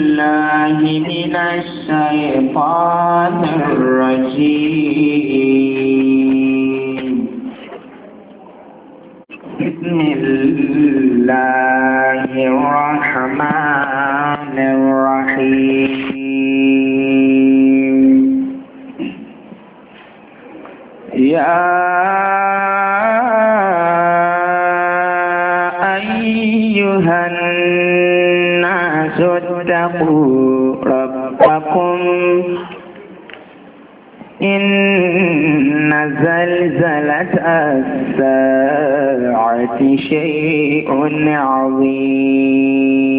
الله من الشيطان الرجيم بسم الله الرحمن الرحيم يا أيها واتقوا ربكم إن زلزلة الساعة شيء عظيم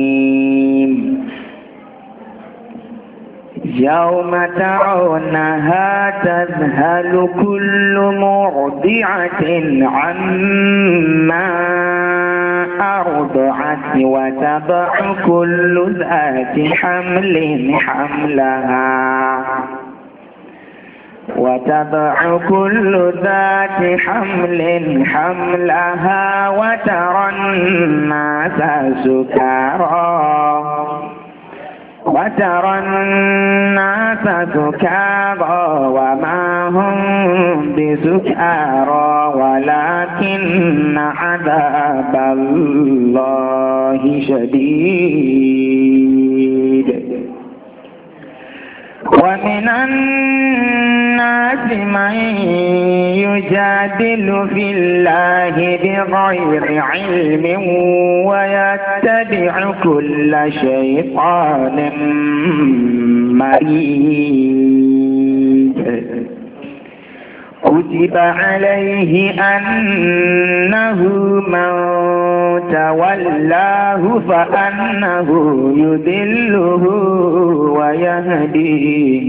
يوم ترونها تذهل كل مرضعة عما أرضعت وتضع كل ذات حمل حملها وتضع كل ذات حمل حملها وترى الناس سكارى وترى الناس سكارى وما هم بسكارى ولكن عذاب الله شديد ومن الناس من يجادل في الله بغير علم ويتبع كل شيطان مريد كتب عليه أنه من تولاه فأنه يذله ويهديه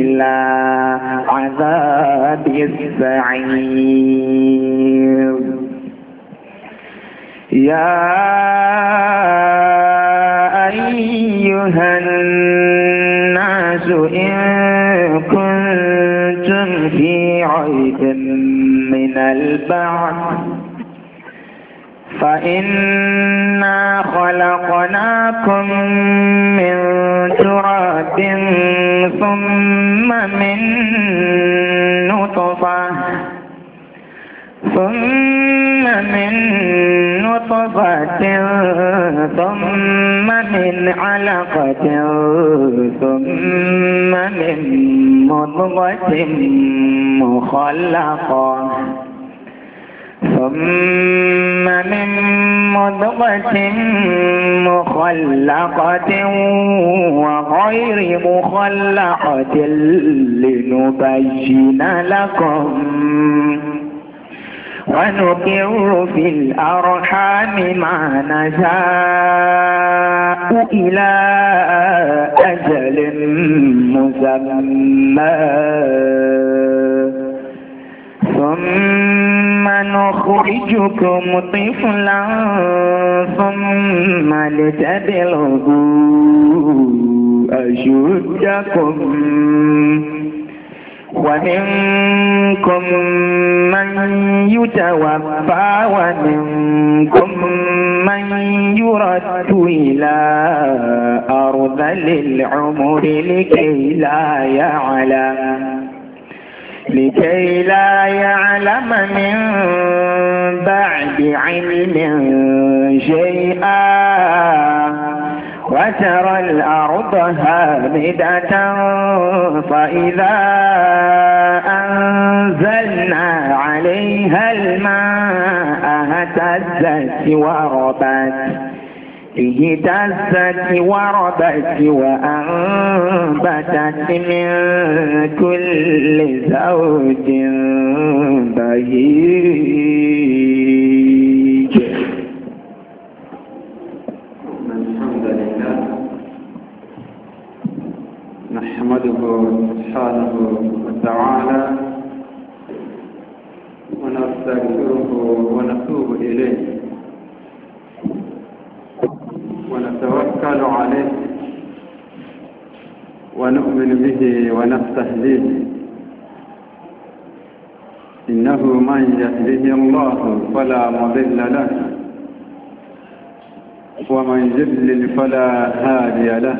إلى عذاب السعير يا أيها الناس إن في ريب من البعث فإنا خلقناكم من تراب ثم من نطفة ثم من نطفة ثم من علقة ثم من مضغة مخلقة ثم من مضغة مخلقة وغير مخلقة لنبين لكم ونقر في الأرحام ما نشاء إلى أجل مسمى ثم نخرجكم طفلا ثم لتبلغوا أشدكم ومنكم من يتوفى ومنكم من يرد إلى أرض العمر لكي لا يعلم لكي لا يعلم من بعد علم شيئا وترى الأرض هامدة فإذا أنزلنا عليها الماء اهتزت وربت اهتزت وربت وأنبتت من كل زوج بهيج نحمده سبحانه وتعالى ونستغفره ونتوب إليه ونتوكل عليه ونؤمن به ونستهديه إنه من يهده الله فلا مضل له ومن يضلل فلا هادي له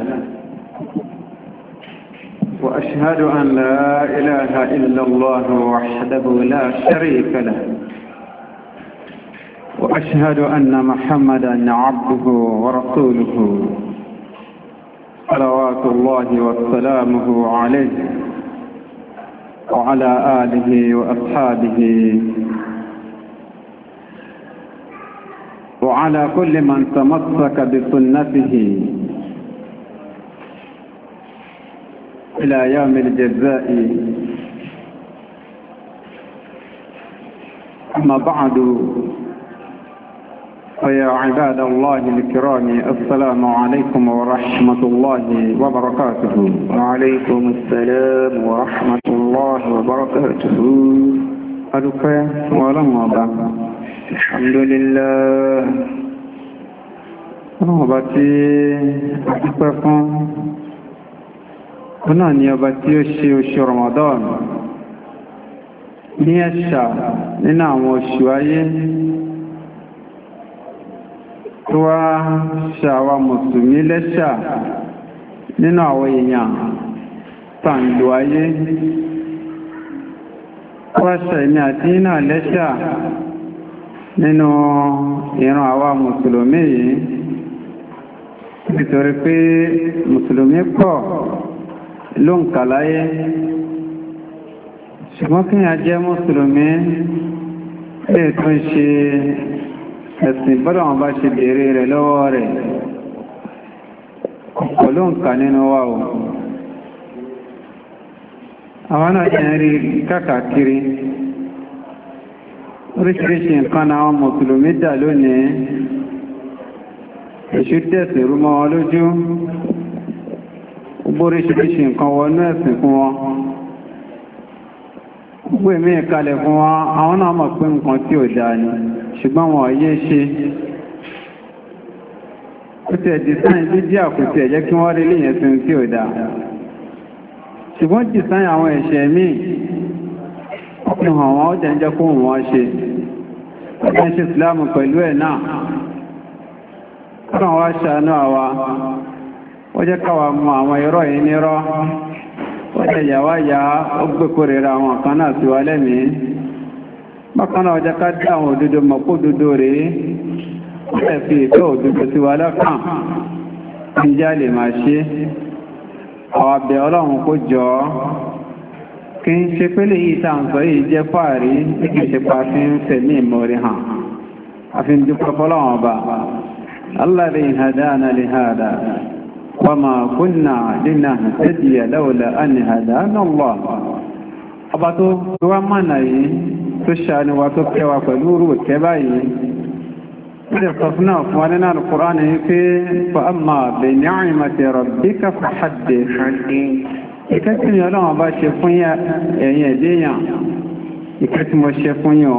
وأشهد أن لا إله إلا الله وحده لا شريك له وأشهد أن محمدا عبده ورسوله صلوات الله وسلامه عليه وعلى آله وأصحابه وعلى كل من تمسك بسنته إلى يوم الجزاء أما بعد فيا عباد الله الكرام السلام عليكم ورحمة الله وبركاته وعليكم السلام ورحمة الله وبركاته أدوك ولم الحمد لله أنا أبتي أحبكم Kuna ni ọba tí ó ṣe oṣù Ramadan ní ẹ̀ṣà nínú àwọn oṣù ayé tó wá ṣàwà mùsùlùmí lẹ́ṣà nínú àwọn èèyàn tàǹdù ayé wá ṣàìní àti iná lẹ́ṣà nínú ìran àwa mùsùlùmí yìí nítorí pé mùsùlùmí pọ̀ ló ń kàláyé ṣùgbọ́n kí a jẹ́ mùsùlùmí lè tún ṣe ẹ̀sìn bọ́dọ̀ wọn bá ṣe bèèrè rẹ̀ lọ́wọ́ rẹ̀ kò ló ń kà nínú wa o àwọn náà jẹ́ rí kákàkiri oríṣiríṣi nǹkan àwọn mùsùlùmí dà lónìí èṣù tẹ̀sẹ̀ rúmọ́ wọn gbóríṣiríṣi nǹkan wọnú ẹ̀sìn fún wọn gbogbo èmì ìkalẹ̀ fún wọn àwọn náà mọ̀ pé nǹkan tí ò dáa ni ṣùgbọ́n wọn yé ṣe kò tẹ̀ dìsáìn dídí àkùtì ẹ̀jẹ́ kí wọ́n rí léyìn ẹ̀sìn tí ò dáa ṣùgbọ́n dìsáìn àwọn ẹ̀ṣẹ̀ míì fi hàn wọ́n ó jẹ́jẹ́ kó wọ́n ṣe ẹ̀ṣẹ̀ ìsìlámù pẹ̀lú ẹ̀ náà kọ́nà wá ṣàánú àwa ó jẹ́ káwà mú àwọn irọ́ yìí nírọ́ ó jẹ́ yàwá ya ó gbékòrèrè àwọn kan náà sí wa lẹ́mí bákan náà ó jẹ́ ká dá àwọn òdodo mọ̀ kó dodo rèé ó lè fi ìfẹ́ òdodo sí wa lọ́kàn níjà lè máa ṣe àwọn abẹ ọlọ́run kó jọ kí n ṣe pé yìí tá à ń sọ yìí jẹ́ fáàrí bí kì í ṣe pa fi ń fẹ̀mí ìmọ̀ọ́rẹ́ hàn àfi ń dúpẹ́ fọlọ́run ọba alladhi hadana li hada. وما كنا لنهتدي لولا أن هدانا الله ọba tó wá mọ̀nà yìí tó ṣàánú wa tó kẹwàá pẹ̀lú orú ìkẹbà yìí ó lè sọ fún àwọn ọmọdé náà Al-Qur'an yìí pé fa'amma bi ni'mati rabbika fahaddith ìkẹ́sí ni ọlọ́run bá ṣe fún ẹ̀yìn ẹ̀dẹ́yàn ìkẹ́sí mo ṣe fún yín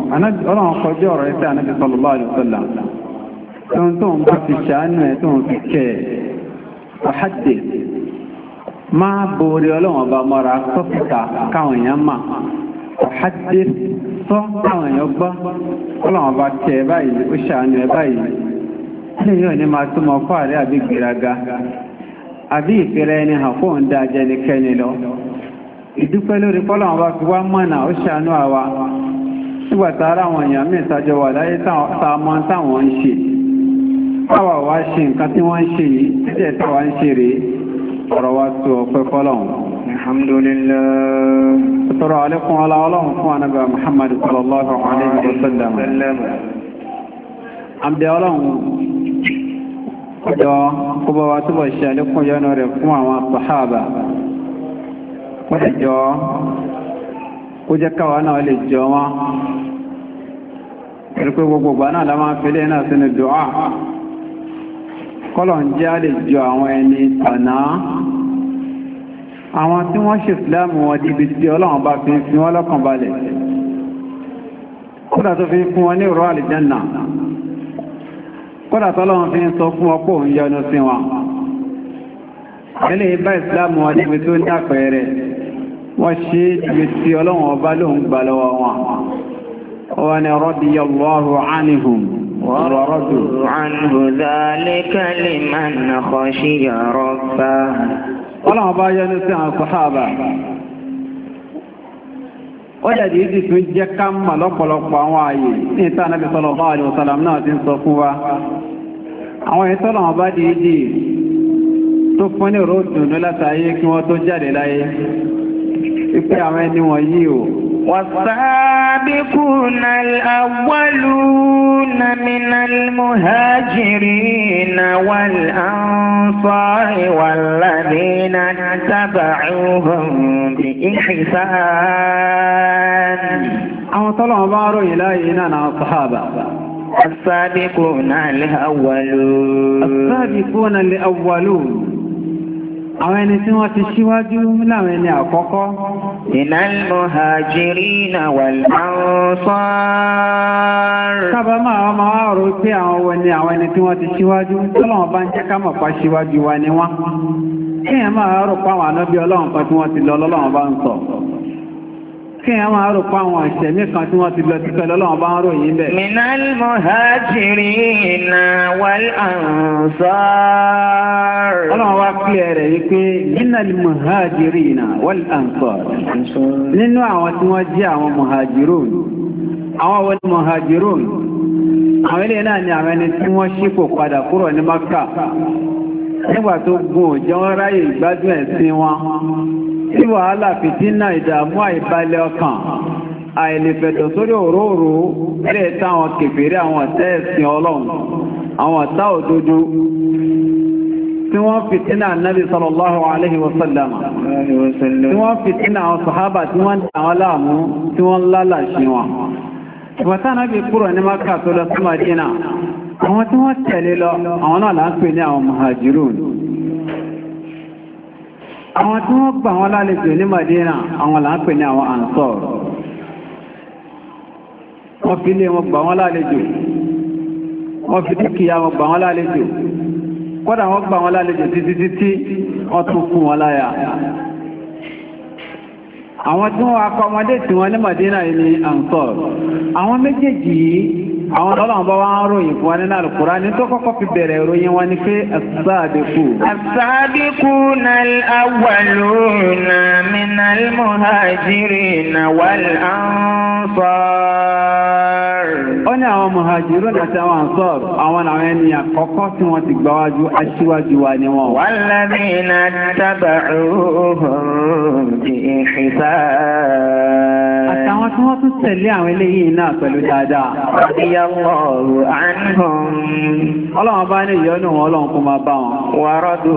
ọlọ́run kọjú ọ̀rọ̀ ẹ̀sẹ̀ Ànábì àhàdè máa borí ọlọ́wọ́n ọba mọ́ra sọ́fìtà káwọn èèyàn mà àhàdè sọ káwọn èèyàn gbọ́ ọlọ́wọ́n ọba tẹ ẹ báyìí ó ṣàánú ẹ báyìí lẹ́yìn òní máa túmọ̀ kọ́ àrẹ àbí gbéraga àbí ẹni hàn fóun lọ ìdúpẹ́ lórí fi wá mọ̀nà ó ṣàánú àwa tá àwọn èèyàn táwa wá ṣe nǹkan tí wọ́n ń ṣe yìí títẹ̀ táwa ń ṣe rèé ọ̀rọ̀ wa tó ọpẹ́ fọ́lọ́hun alhamdulillah tọrọ alẹ́kùn ọlá ọlọ́run fún anábà muhammad sallallahu alaihi wasallam àmì ọlọ́run ọjọ́ kọba wa túbọ̀ ṣe alẹ́kùn yọnu rẹ̀ fún àwọn sàhábà ọjọ́ kó jẹ́ káwa náà lè jọ kọ́lọ̀ ń jẹ́ àlè jọ àwọn ẹni tànà àwọn tí wọ́n ṣe ìsìláàmù wọn di ibi tí ọlọ́run bá fi ń fi wọ́n lọ́kàn balẹ̀ kódà tó fi ń fún wọn ní ìrọ̀ àlìjánà kódà tọ́lọ́run fi ń sọ fún ọpọ̀ òun yọnu sí wọn ẹlẹ́ bá ìsìláàmù wọn níbi tó ní àpẹẹrẹ wọ́n ṣe ibi tí ọlọ́run ọba lóun gbà lọ́wọ́ wọn وانا رضي الله عنهم ورضوا عنه ذلك لمن خشي ربه ọlọ́run bá yọ ní sí àwọn sọ́hábà ó jẹ́dì ìdí tún jẹ́ ká mà lọ́pọ̀lọpọ̀ àwọn ààyè ní ìta àwọn tó fún ní látàáyé kí wọ́n tó jáde láyé àwọn ẹni wọ̀nyí والسابقون الأولون من المهاجرين والأنصار والذين اتبعوهم بإحسان أو طلعوا بارو إلينا الصحابة السابقون الأولون السابقون الأولون àwọn ẹni tí wọ́n ti ṣíwájú láwọn ẹni àkọ́kọ́. Minal muhajirina wal ansar. Kábà máa wọ́n máa wá rò pé àwọn wo ni àwọn ẹni tí wọ́n ti ṣíwájú tọ́lọ́wọ́n bá ń jẹ́ ká mọ̀ pa ṣíwájú wa ni wọ́n. Kíyàn máa rò pa àwọn ànábí ọlọ́run kan tí wọ́n ti lọ lọ́lọ́run bá ń sọ kí ẹ máa rò pa àwọn àṣẹ̀mí kan tí wọ́n ti lọ ti pẹ̀lú ọlọ́run bá ń ròyìn bẹ̀. minal muhajirina wal ansar. ọlọ́run wá pílẹ̀ rẹ̀ yìí pé minal muhajirina wal ansar. nínú àwọn tí wọ́n jẹ́ àwọn muhajirun àwọn wọn muhajirun àwọn ilé náà ni àwọn ẹni tí wọ́n ṣípò padà kúrò ní Mákà nígbà tó gùn òjò ráyè ìgbádùn ẹ̀sìn wọn tí wàhálà fìtínà ìdààmú àìbalẹ̀ ọkàn àìlèfẹ̀tọ̀ sórí òróòró rẹ̀ táwọn kèfèrí àwọn ọ̀tẹ́ ẹ̀sìn ọlọ́run àwọn ọ̀tá òdodo tí wọ́n fìtínà nábi sallallahu alaihi wasallam tí wọ́n fìtínà àwọn sàhábà tí wọ́n dà wọ́n láàmú tí wọ́n lálàṣí wọn ìwọ̀tá nábi kúrò ní maka tó lọ sí madina àwọn tí wọ́n tẹ̀lé lọ àwọn náà là ní àwọn muhajirun àwọn tí wọ́n gbà wọn lálejò ní Madina àwọn là ń pè ní àwọn Ansar wọ́n fi lé wọn gbà wọn lálejò wọ́n fi dúkìá wọn gbà wọn lálejò kódà wọ́n gbà wọn lálejò títí títí wọ́n tún fún wọn láyà àwọn tí wọ́n akọmọdé tí wọ́n ní Madina yìí ni Ansar àwọn méjèèjì yìí àwọn ọlọ́run bá wá ń ròyìn fún wa nínú àlùkùrá ní tó kọ́kọ́ fi bẹ̀rẹ̀ ròyìn wa ni pé as-sabiqu. as-sabiquna al-awwaluna minal muhajirina wal ansar àwọn muhajirun àti àwọn ansar àwọn àwọn ẹni àkọ́kọ́ tí wọ́n ti gbáwájú aṣíwájú wa ni wọ́n. walladhina taba'uhum àtàwọn tí wọ́n tún tẹ̀lé àwọn eléyìí náà pẹ̀lú dáadáa. anhum. ọlọ́run bá ní ìyọ́nù wọn ọlọ́run kó máa bá wọn. wa radu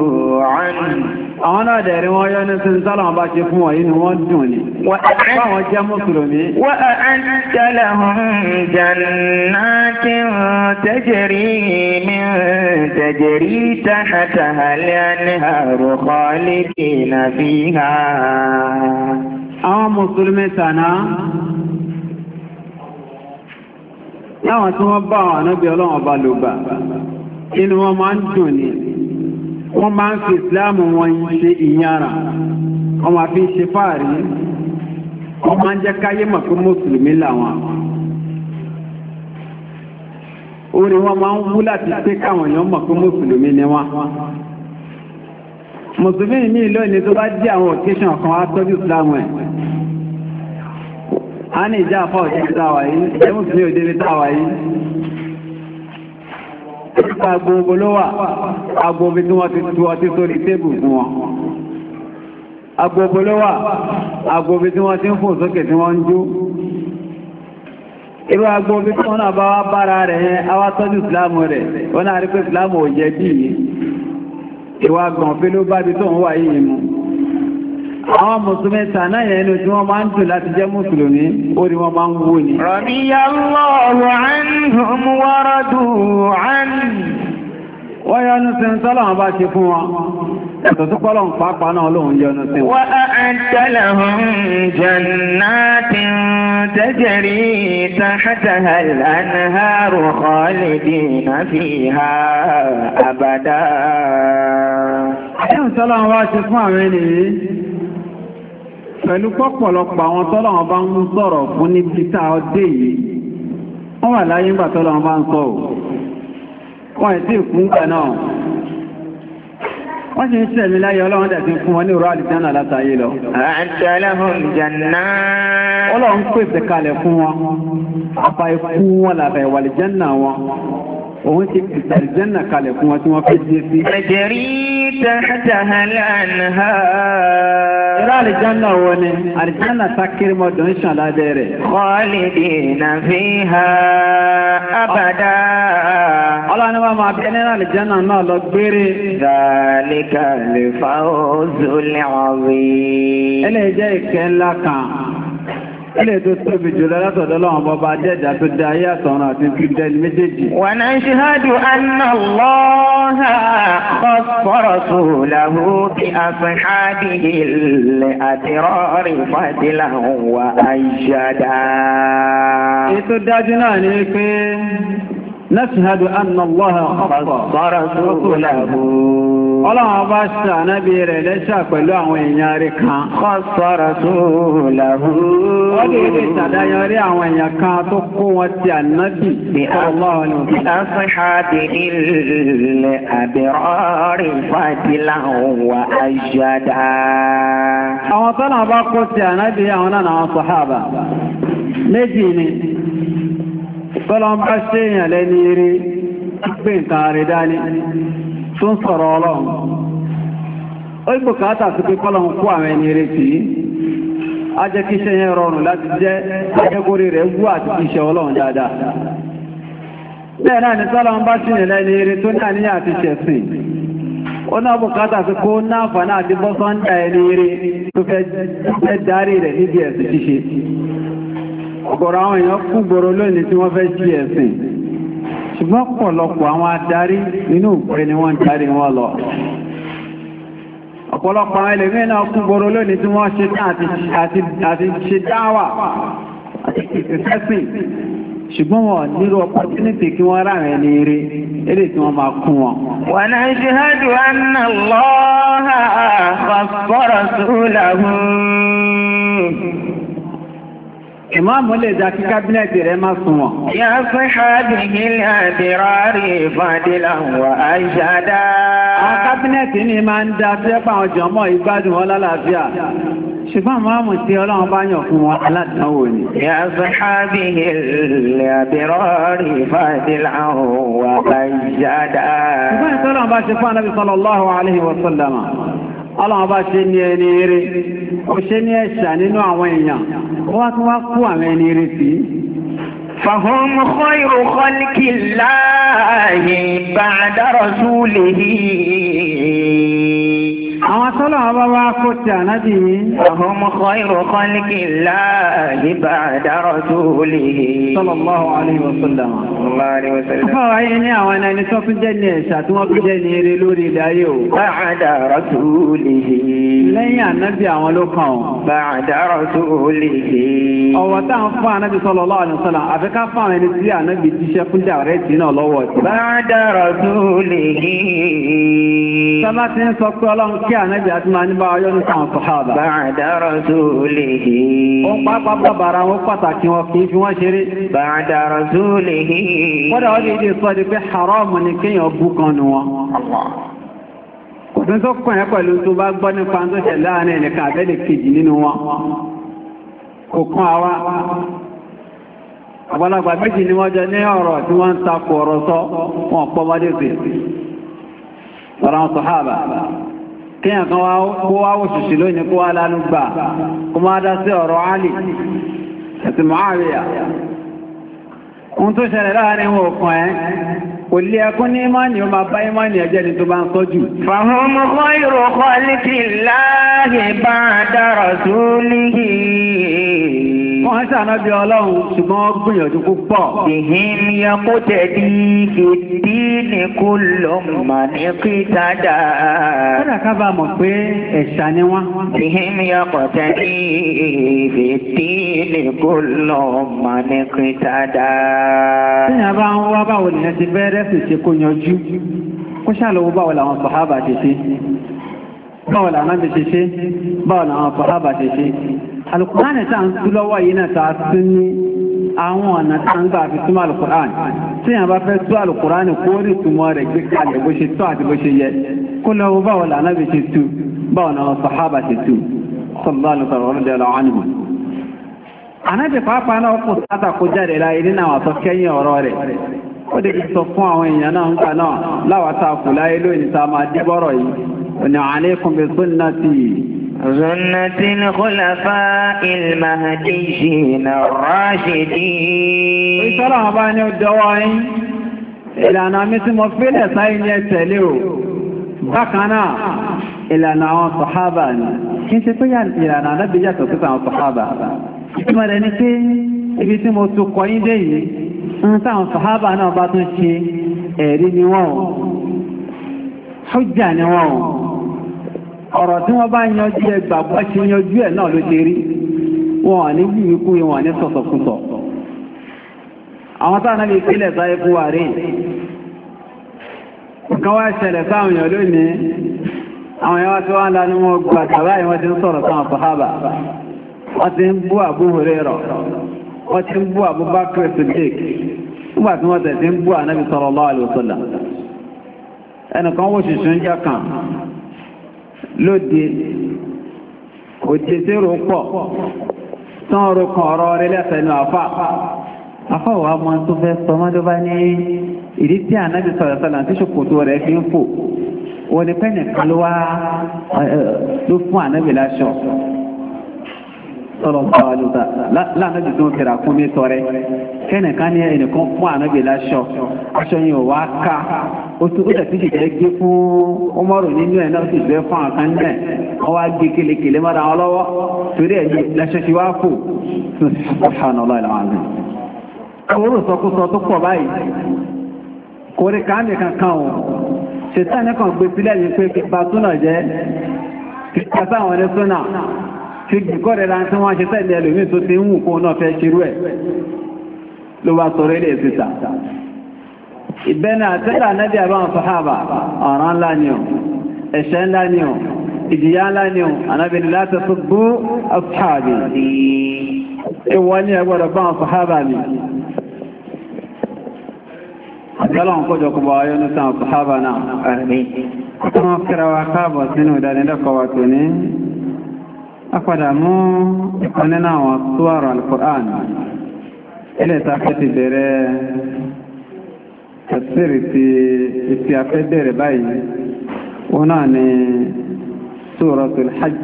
anhum àwọn náà dẹ̀rí wọn yọ́ ní sí sálàmà bá ṣe fún wọ̀nyí ni wọ́n dùn ní wọ́n jẹ́ mùsùlùmí wọ́n tẹ́lẹ̀ hùn jẹ́nà kí tẹ́jẹ̀rí mi tẹ́jẹ̀rí tàhàtà alẹ́ àrùkọ́ lédè nàbí ha àwọn mùsùlùmí tàná láwọn tí wọ́n bá àwọn ànábì ọlọ́wọ́n bá lò bá inú wọn máa ń dùn ní wọ́n máa ń fi ìsìláàmù wọn ṣe ìyára wọ́n máa fi ń ṣe fáàrí wọ́n máa ń jẹ́ káyé mọ̀ pé mùsùlùmí làwọn. orí wọn máa ń wú láti pé káwọn èèyàn mọ̀ pé mùsùlùmí ni wọ́n. mùsùlùmí mi lónìí tó bá dí àwọn occasion kan wá tọ́jú ìsìláàmù ẹ̀. a ní ìjà àfọ̀ òjì táwa yìí ẹ̀ mùsùlùmí òjì táwa yìí nípa agbóhùn ló wà agbóhùn tí wọ́n ti tú ọtí sórí tébù fún wọn agbóhùn ló wà agbóhùn tí wọ́n ti ń fò sókè tí wọ́n ń jú irú agbóhùn tí wọ́n náà bá wá bára rẹ̀ yẹn awá tọ́jú ìsìlámù rẹ̀ wọ́n náà rí pé ìsìlámù ò jẹ́ bí ìwà gbọ̀n pé ló bá bí tóun wà yìí mú àwọn mùsùlùmí tànà yẹn ní ojú wọn máa ń dùn láti jẹ́ mùsùlùmí ó rí wọn máa ń wó ni. radiyallahu wọ́n yọ ń sọ́lọ́ wọn bá ṣe fún pọ́lọ̀ ń pàápàá náà lóun jẹ́ sí wọn. wọ́n á tẹ́lẹ̀ pẹ̀lú pọ́pọ̀lọpọ̀ àwọn tọ́lọ̀ wọn bá ń mú sọ̀rọ̀ fún ní títà ọdẹ yìí wọ́n wà láyé ńgbà tọ́lọ̀ wọn bá ń sọ ò wọ́n ètí ìkún gbà náà wọ́n ṣe ń ṣẹ̀mí láyé ọlọ́run dẹ̀ ti fún wọn ní òrò àlìjánà látàyé lọ ọlọ́run pèsè kalẹ̀ fún wọn apá ikú wọn làbẹ̀ ìwàlìjánà wọn òun ti pèsè àlìjánà kalẹ̀ fún wọn tí wọ́n fẹ́ تحتها الأنهار Irá àlìjánà wọ ni, àlìjánà sákiri mọ́dún ń ṣàn ládé rẹ̀. Khalidina fiha abada. Ọlọ́ni wá máa bẹ nínú àlìjánà náà lọ gbére. Zalika al-fawzul azim. Ẹlẹ́ jẹ́ ìkẹ́ ńlá kan ilé tó tóbi jùlọ látọ̀dọ̀ lọ́wọ́n bọba jẹ́jà tó dá ayé àtọ̀run àti ìpínlẹ̀ méjèèjì. wa nashhadu anna Allaha khassa rasulahu ọlọ́run bá ṣànábí rẹ̀ lẹ́ṣà pẹ̀lú àwọn èèyàn rí kan. kọ́sọ̀rọ̀ tó làwú. ó lè lè ṣàdáyàn rí àwọn èèyàn kan tó kó wọn ti ànábì. bí aṣáájú ilẹ̀ àbẹ̀rọ̀rì fàdílà wà ájádá. àwọn tọ́nà bá kó ti ànábì àwọn náà náà sọ̀hábà. méjì ni tọ́lọ́n bá ṣèèyàn lẹ́ni rí pé nǹkan rí dání. tó ń sọ̀rọ̀ ọlọ́run ó ipò káátà sí pé kọ́lọ̀un kú àwọn ẹni a jẹ́ kí iṣẹ́ yẹn rọrùn láti jẹ́ ajẹ́kórí rẹ̀ wú àti iṣẹ́ ọlọ́run dáadáa bẹ́ẹ̀ náà ni tọ́lọ́run bá ṣì nílẹ̀ eré tó ní àníyàn àti ṣẹ̀sìn ó náà sí kó náà ti bọ́ ṣùgbọ́n pọ̀lọpọ̀ àwọn adarí n'inu ìpẹ́ ni wọ́n ń darí wọn lọ ọ̀pọ̀lọpọ̀ àwọn ilẹ̀mí náà kún gboro lónìí tí wọ́n ṣe dáwà àti ìfẹ́sìn ṣùgbọ́n wọn Ìmáàmù lè dá kí kábínẹ̀tì rẹ̀ máa súnmọ̀. Yá fẹ́ ṣáàdìgí àdìrà rí fàdílà wà àìṣàdá. Àwọn kábínẹ̀tì ní máa ń dá sẹ́pà àwọn jọmọ́ ìgbádùn wọn lálàáfíà. Ṣùgbọ́n máàmù tí Ọlọ́run bá yàn fún wọn aládánwò ni. Yá fẹ́ ṣáàdìgí àdìrà rí àìṣàdá. Ṣùgbọ́n ìtọ́lọ́run ó ṣe ní ẹ̀ṣà nínú àwọn èèyàn wá tún wá kú àwọn ẹni retí فهم خير خلق الله بعد رسوله Àwọn sọ́lọ̀ ọba wá kó tí ànábì yìí. Àwọn khayru khalqillahi ba'da rasulihi. Sallallahu alaihi wa sallam. Sallallahu alaihi wa sallam. Fọ́wọ́ ayé ní àwọn ẹni tó fún jẹ́ ní ẹ̀ṣà tí wọ́n fún jẹ́ ní eré lórí ìdáyé o. Ba'da rasulihi. Lẹ́yìn ànábì àwọn ló kàn. Ba'da rasulihi. Ọ̀wọ̀ táwọn fún ànábì sallallahu fún ànábì jíṣẹ́ lọ́wọ́ ti. kí ànábì àti máa ní bá ọyọ́ ní sàn sọ̀hábà. Ba'da rasulihi. Ó pápá bàbàrà wọn pàtàkì wọn kì í fi wọ́n ṣeré. Ba'da rasulihi. Wọ́n wọ́n lè sọ di pé haram ni kéèyàn bú kan nu wọn. Kò tún tó kàn yẹn pẹ̀lú tó bá gbọ́ nípa tó ṣẹ̀ láàrin ẹnìkan àbẹ́lẹ̀ kejì nínú wọn. Kò kàn Àgbàlagbà méjì ni wọ́n jẹ ní ọ̀rọ̀ tí wọ́n ń takò ọ̀rọ̀ pọ́ sí. kíyàn kan kó wá wòṣìṣì lónìí kó wá lálúgbà kó máa dá sí ọ̀rọ̀ alì àti mọ̀ àríyà ohun tó ṣẹlẹ̀ láàrin wọn ò kò lé ẹkún ní ìmánì ó máa bá ìmánì ẹjẹ́ ni tó bá ń sọ́jù. fahum khayru khalqillahi ba'da rasulihi. wọ́n ṣàná bí ọlọ́run ṣùgbọ́n gbìyànjú mọ̀ pé ẹ̀ṣà ni wọ́n. ń wá báwo nìyẹn ti bẹ̀rẹ̀ tẹ́sì ṣe kó yanjú kó ṣàlọ́wọ́ báwọn làwọn sàhábà ṣe ṣe báwọn làwọn ṣe ṣe ṣe báwọn làwọn sàhábà ṣe ṣe alùkùránì tá à ń tú lọ́wọ́ yìí náà tá a tún ní àwọn ọ̀nà tá à ń gbà fi túmọ̀ alùkùránì tí yàn bá fẹ́ tú alùkùránì kó rí ìtumọ̀ rẹ̀ gbé kalẹ̀ bó ṣe tó àti bó ṣe yẹ kó lọ́wọ́ báwọn làwọn tú báwọn làwọn sàhábà ṣe tú sọlá pàápàá náà kò sáta kó jáde láyé nínú àwọn àtọ́kẹ́yìn ọ̀rọ̀ rẹ̀ ó lè fi sọ fún àwọn èèyàn náà nígbà náà láwàtà kù láyé lónìí tá a máa dé bọ́rọ̀ yìí òní àlékún bí sunnati. sunnati kúlàfà ìlmàdì ṣìnà ráṣìdì. ìṣọ́rọ̀ àwọn bá ní ọjọ́wọ́ yín ìlànà mi tí mo fílẹ̀ sáyé ní ẹ o bákan náà ìlànà àwọn sàhábà ni kí n ṣe pé ìlànà alábìyàtọ̀ sí àwọn sàhábà. ìtumọ̀ rẹ̀ ni pé ibi tí mo tún kọ́ yín dé yìí ń táwọn sàhábà náà bá tún ṣe ẹ̀rí ni wọ́n ò ni wọ́n ò ọ̀rọ̀ tí wọ́n bá yanjú ẹ gbàgbọ́ ṣe yanjú ẹ̀ náà ló ṣe rí wọn ní yìí kú ní sọ̀sọ̀kúsọ̀ àwọn sáyé fún wa rí nǹkan wá ṣẹlẹ̀ sáwọn èèyàn lónìí àwọn èèyàn tí wọ́n ń lanú wọn gbà tàbí ń sọ̀rọ̀ sáwọn wọ́n ti ń wọ́n ti ń bú Abubakar Siddiq nígbà tí wọ́n tẹ̀sí ń bú Ànábì sallallahu alaihi wasallam ẹnìkan wò ṣùṣù ń jà kan lóde òde tí rò pọ̀ tán rò kan ọ̀rọ̀ rẹ̀ lẹ́sẹ̀nu àfà àfà wà mọ́ tó fẹ́ sọ mọ́ tó bá ní ìdí tí Ànábì sallallahu alaihi wasallam tí ṣòkòtò rẹ̀ fi ń fò wọ́n ni pẹ́ nìkan ló wá ló fún Ànábì láṣọ sọlọ bá wa lóta lánàbì tó ń kẹrà fún mi tọrẹ kẹ́nìkan ní ẹnìkan fún ànábì láṣọ aṣọ yẹn ò wá ká ó tún ó dàbí ìṣẹ̀lẹ̀ gé fún ọmọrò nínú ẹ̀ náà sì bẹ́ fún àkàn náà wọ́n wá gé kelekele mọ́ra wọn lọ́wọ́ torí ẹ̀ láṣọ ti wá fò tún subhanallah ìlànà àwọn ọ̀rọ̀ sọkúsọ tó pọ̀ báyìí kò rí káàmì kankan o ṣètàn nìkan gbé sílẹ̀ yìí pé kí bá túnà jẹ́ kí kí ṣe gbìkọ́rẹ̀ra tí wọ́n ṣe tẹ́lẹ̀ ẹlòmí tó ti ń wù kó náà fẹ́ ṣerú ẹ̀ ló bá sọ̀rọ̀ ilẹ̀ síta ìbẹ́nà àtẹ́lẹ̀ ànábì àbáwọn sàhábà ọ̀ràn ńlá ni ọ̀ ẹ̀ṣẹ̀ ńlá ni ọ̀ ìjìyà ńlá ni ọ̀ ànábì ni láti tó bú àfààbì ìwọ ní ẹgbọ́dọ̀ báwọn sàhábà mi na kọjọ kò bọ̀ ayọ́ nítorí àwọn sàhábà náà. Àwọn kẹrẹwà káàbọ̀ sínú ìdánilẹ́kọ̀ọ́ apàdà mú ìkan nínú àwọn suwara al-Qur'an ilẹ̀ tá a fẹ́ ti bẹ̀rẹ̀ tafsir ti ìtì afẹ́ bẹ̀rẹ̀ báyìí wọn náà ni suratul hajj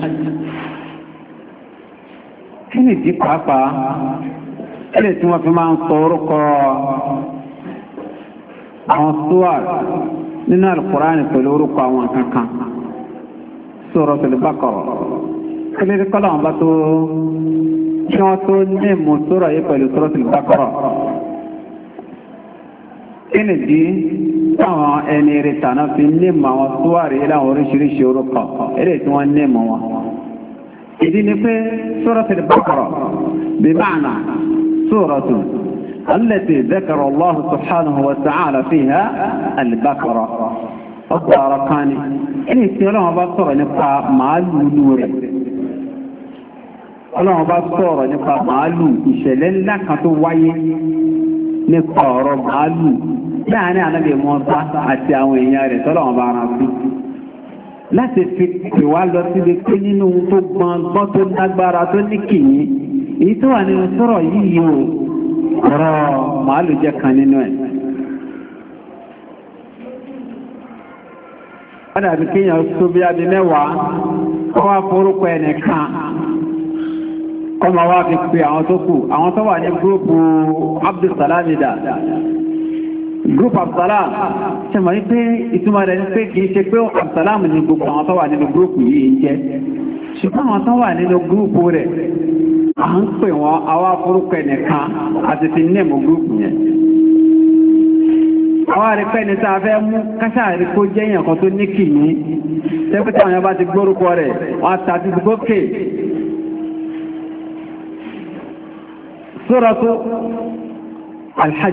kí ni ìdí pàápàá ilẹ̀ tí wọ́n fi máa ń sọ orúkọ àwọn suwara nínú al pẹ̀lú orúkọ àwọn kankan suratul Baqara kílérí kọ́lá wọn bá tó kí wọ́n tó ní mú sóra yìí pẹ̀lú suratul Baqara kí ni dí táwọn ẹni rí tàná fi ní mọ̀ àwọn súwárì láwọn oríṣiríṣi orúkọ eré tí wọ́n ní mọ̀ wọn ìdí ni pé suratul Baqara bí máàna sóratu التي ذكر الله سبحانه وتعالى فيها البقرة ọgbà ọ̀rọ̀ kan ni ẹni tí ọlọ́run bá sọ̀rọ̀ nípa màálù inú rẹ̀ ọlọ́run bá sọ̀rọ̀ nípa màálù ìṣẹ̀lẹ̀ ńlá kan tó wáyé nípa ọ̀rọ̀ màálù láàrin ànábì mọ́ta àti àwọn èèyàn rẹ̀ tọ́lọ́run bá ara sí. láti fi pè wá lọ síbi pé nínú tó gbọ̀ngbọ́n tó lágbára tó ní kìyìn èyí tó wà nínú sọ̀rọ̀ yìí o ọ̀rọ̀ màálù jẹ́ kan nínú ẹ̀. wọ́n dàbí kéèyàn tó bí mẹ́wàá kọ́ wá forúkọ ẹnìkan kọmọ wá fi pé àwọn tó kù àwọn tó wà ní gúrùpù abdulsalamida gúrùpù abdulsalam ṣe mọ̀ ní pé ìtumọ̀ rẹ̀ ní pé kìí ṣe pé abdulsalam ní gbogbo àwọn tó wà nínú gúrùpù yìí ń jẹ́ ṣùgbọ́n àwọn tó wà nínú gúrùpù rẹ̀ à ń pè wọ́n àwọn afúrúkọ ẹnìkan àti ti nẹ́ẹ̀mù gúrùpù yẹn àwọn àrípẹ́ ní tàà fẹ́ mú káṣàrí kó jẹ́ èèyàn kan tó ní kìí ní tẹ́kùtà àwọn ọba ti gbórúkọ rẹ̀ wọ́n tàbí gbókè sóràtú alhaj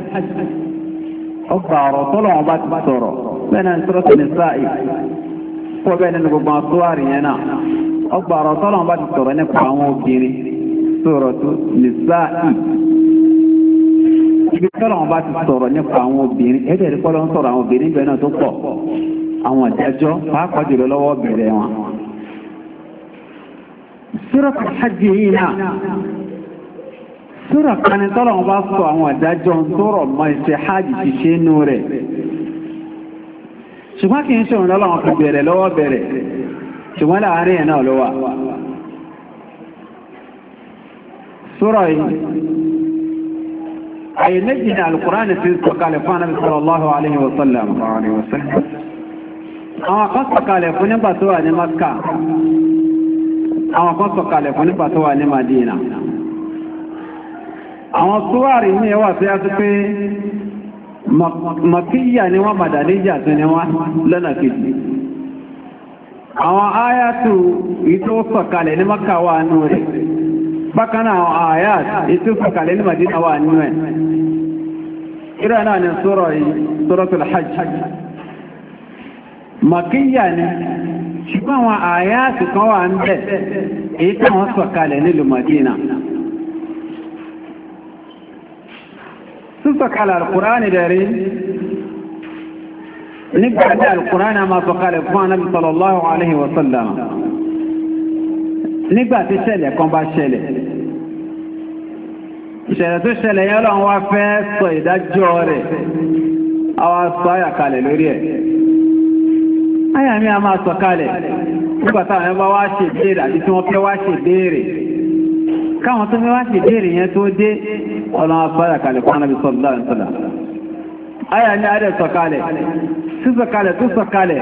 ọgbà ọ̀rọ̀ tọ́lọ̀ ọba ti sọ̀rọ̀ bẹ́ẹ̀ náà sóràtú nìsáì pọ̀ bẹ́ẹ̀ nínú gbogbo àtúwárì yẹn náà ọgbà ọ̀rọ̀ tọ́lọ̀ ọba ti sọ̀rọ̀ nípa àwọn obìnrin sóràtú nìsáì ibi tọ́lọ̀ ọba ti sọ̀rọ̀ nípa àwọn obìnrin ẹ̀dẹ̀ rí pọ́lọ́ ń sọ̀rọ̀ àwọn obìnrin bẹ́ẹ̀ náà tó pọ̀ àwọn ìdájọ́ pàápàá jùlọ lọ́wọ́ bẹ̀rẹ̀ wọn. sóràtú hajj yìí náà sura kan ni tọ́lọ̀ wọn bá sọ àwọn àdájọ́ tó rọ̀ mọ́ iṣẹ́ hajj ti ṣe nú rẹ̀ ṣùgbọ́n kì í ṣe òun lọ́lọ́wọ́n fi bẹ̀rẹ̀ lọ́wọ́ bẹ̀rẹ̀ ṣùgbọ́n láàárín ẹ̀ náà ló wà sura yìí àyè méjì ní alukuran ti sọ̀kalẹ̀ fún anabi sallallahu alayhi wa sallam àwọn kan sọ̀kalẹ̀ fún nígbà tó wà ní Makka àwọn kan sọ̀kalẹ̀ fún nígbà tó wà ní Madina àwọn súwárì ní ẹwà tí a ti pé makíyà ni wọ́n padà ní ìjà tí ni wọ́n lọ́nà kejì àwọn áyàtù ìtò sọ̀kalẹ̀ ní maka wà nù rẹ̀ bákan náà àwọn áyàtù ìtò sọ̀kalẹ̀ ní madina wà nù ẹ̀ ìrẹ́ náà ni sọ́rọ̀ yìí suratul hajj makíyà ni ṣùgbọ́n àwọn áyàtù kan wà ń bẹ̀ èyí tí wọ́n sọ̀kalẹ̀ sun sọ̀kalẹ̀ alkùránì da rí nígbà tí alkùránì a máa sọ̀kalẹ̀ fún anábi sallallahu alaihi wasallam nígbà tí ṣẹlẹ̀ kan bá ṣẹlẹ̀ ìṣẹ̀lẹ̀ tó ṣẹlẹ̀ yẹn lọ́n wá fẹ́ sọ ìdájọ́ rẹ̀ a wá sọ àyà kalẹ̀ lórí ẹ̀ àyà mi a máa sọ̀kalẹ̀ nígbà táwọn ẹ bá wá ṣe béèrè àti tí wọ́n fẹ́ wá ṣe béèrè káwọn tó mẹ́wàá sì dé ìrìyẹn tó dé ọ̀nà àpárá kalẹ̀ fún anábì sọ́lá ìsọ́lá ayà ní adẹ́ sọ̀kalẹ̀ sísọ̀kalẹ̀ tó sọ̀kalẹ̀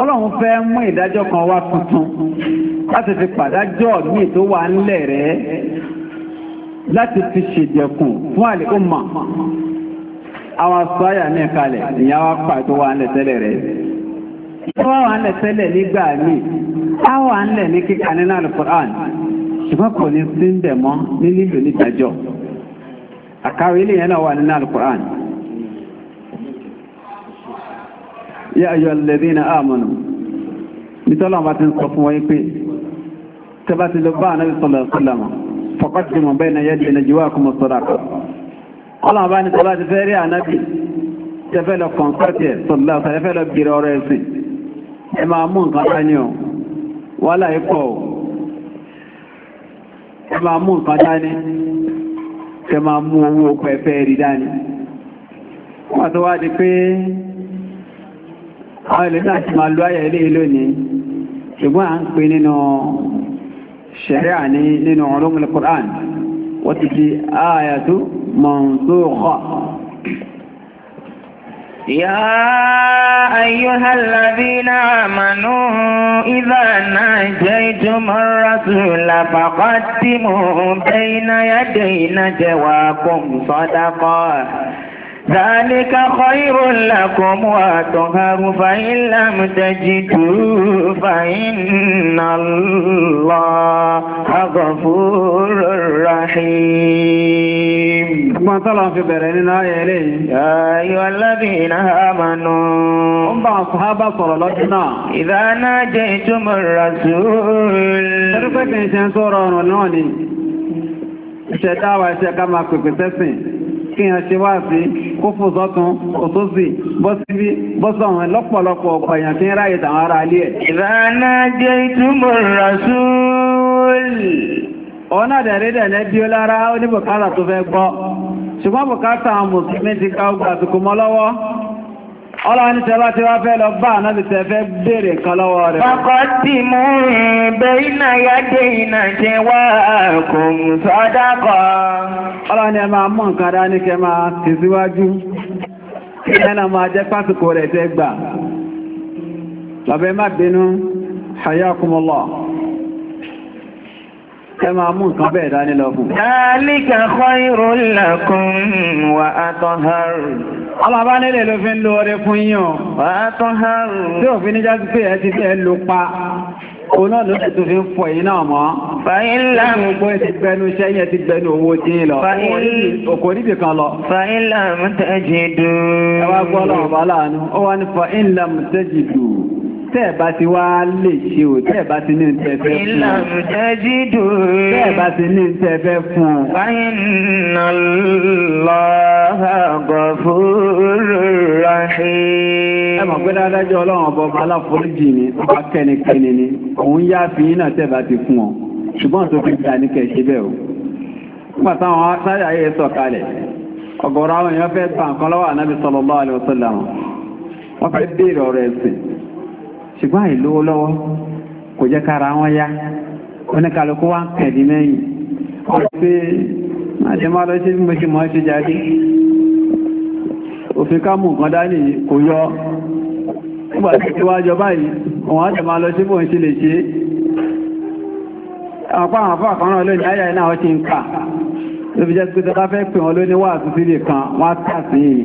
ọlọ́run fẹ́ mú ìdájọ́ kan wá tuntun láti fi pàdájọ́ míì tó wà ńlẹ̀ rẹ̀ láti fi ṣèjẹ̀kùn fún àlẹ́kùnmà àwọn sọ́yà ní kalẹ̀ ìyàwó apá tó wà ńlẹ̀ tẹ́lẹ̀ rẹ̀ tó wà ńlẹ̀ tẹ́lẹ̀ nígbà míì á wà ní kíkà nínú al ṣùgbọ́n kò ní sí ń bẹ̀ mọ́ ní nílò nítajọ́ àkàrí ilé yẹn náà wà nínú alukur'an yá ayọ̀ lẹ́dínà àmọ́nù nítorí àwọn bá ti ń sọ fún wọ́n pé tẹ́bá ti lọ bá ànábì sọ̀lọ̀ sọ̀lọ̀mọ̀ fọ̀kọ́tì mọ̀ bẹ́ẹ̀ na yẹ́dì ẹ̀nà jùwà kọmọ sọ̀rọ̀ àkọ́ ọlọ́run bá ní tẹ́bá ti fẹ́ rí ànábì tẹ́fẹ́ lọ kọ̀ǹsọ́tì ẹ̀ sọ̀lọ̀ tẹ́fẹ́ lọ gírí ọ̀rọ̀ ẹ̀sìn ẹ máa mú nǹkan ẹ máa mú nǹkan dání ẹ máa mú owó pẹ̀fẹ́ rí dání wọ́n tó wá di pé àwọn ilẹ̀ náà ti máa lọ ayẹ̀ ilé lónìí ṣùgbọ́n à ń pè nínú ṣẹ̀ríà ní nínú ulumul wọ́n ti di ayatu mansukha يا أيها الذين آمنوا إذا ناجيتم الرسول فقدموا بين يدي نجواكم صدقا ذلك خير لكم وأطهر فإن لم تجدوا فإن الله غفور رحيم ما طلع في برننا يا إليه يا أيها الذين آمنوا أم أصحاب صلى الله عليه وسلم إذا ناجيتم الرسول تربت إنسان صورا ونوني ìṣẹ̀dá wa ṣe ká máa pèpè sẹ́sìn kíyàn ṣe wá sí kó fò sọ́tún òsósì bọ́síbí bọ́sọ̀wọ̀n lọ́pọ̀lọpọ̀ ọ̀pọ̀ èèyàn tí ń ráyè tàwọn ará alé ẹ̀. ìlànà jẹ́ ìtumọ̀ ràṣúùlì. ọ̀nà dẹ̀rẹ́dẹ̀ lẹ́bí ó lára ó ní bùkátà tó fẹ́ gbọ́ ṣùgbọ́n bùkátà mùsùlùmí ti ká ogun àsìkò lọ́wọ́ ọlọ́wọ́ ní tẹ́bá tí wá fẹ́ lọ bá ànábì tẹ́ fẹ́ bèèrè nǹkan lọ́wọ́ rẹ̀. faqaddimu bayna yaday najwaakum sadaqa. ọlọ́wọ́ ní ẹ máa mú nǹkan dání kẹ máa ti síwájú kí ẹnà máa jẹ́ pásìkò rẹ̀ tẹ́ gbà. bàbá ẹ má ẹ máa mú nǹkan bẹ́ẹ̀ dání lọ fún. Dhalika khayrun lakum wa athhar. Ọlọ́bá nílé ló fi ń lo oore fún yín wa athhar. Tí òfin níjá sí pé ẹ ti fẹ́ lo pa òun náà ló tó fi ń fọ èyí náà mọ́. fàílà gbogbo ẹ ti gbẹnu iṣẹ́ yẹn ti gbẹnu owó tí ń lọ. òkò níbi kan lọ. fàílà mutajidu. ẹ wá gbọ́ ọlọ́run bá láàánú ó wá ní fàílà mutajidu tẹ́ẹ̀ bá ti wá lè ṣe ò tẹ́ẹ̀ bá ti ní tẹ́ẹ̀fẹ́ fún un. ìlànà jẹ́jì dùn. tẹ́ẹ̀ bá ti ní tẹ́ẹ̀fẹ́ fún un. báyìí nà lọ àgọ̀fóró rahim. ẹ mọ̀ pé dáadájọ́ ọlọ́run ọba ọba aláforíjì ni ọba kẹ́nikẹ́ni ni òun yá fi yín náà tẹ́ẹ̀ bá ti fún ọ ṣùgbọ́n tó fi gbà ní kẹ́ ṣe bẹ́ẹ̀ o. nígbà táwọn táyà yẹ sọ̀kalẹ̀ ọ̀gọ̀rọ̀ àwọn èèyàn fẹ́ gbà nǹkan lọ́wọ́ ànábì ṣùgbọ́n àìlówó lọ́wọ́ kò jẹ́ kára wọn yá oníkàlùkù wá ń kẹ̀dí mẹ́yìn ọ̀rọ̀ pé àti máa lọ sí mo ṣe mọ́ ṣe jáde òfin ká mú nǹkan dání kò yọ nígbàtí tí wá jọ báyìí wọ́n á jẹ máa lọ sí bóun sí lè ṣe àpá àwọn àpá àkànrán olóòní ayà iná ọ ti ń kà tó jẹ́ pé tọ́lá fẹ́ pè wọn lóní wà àtúntí lè kan wọ́n á tà sí yìí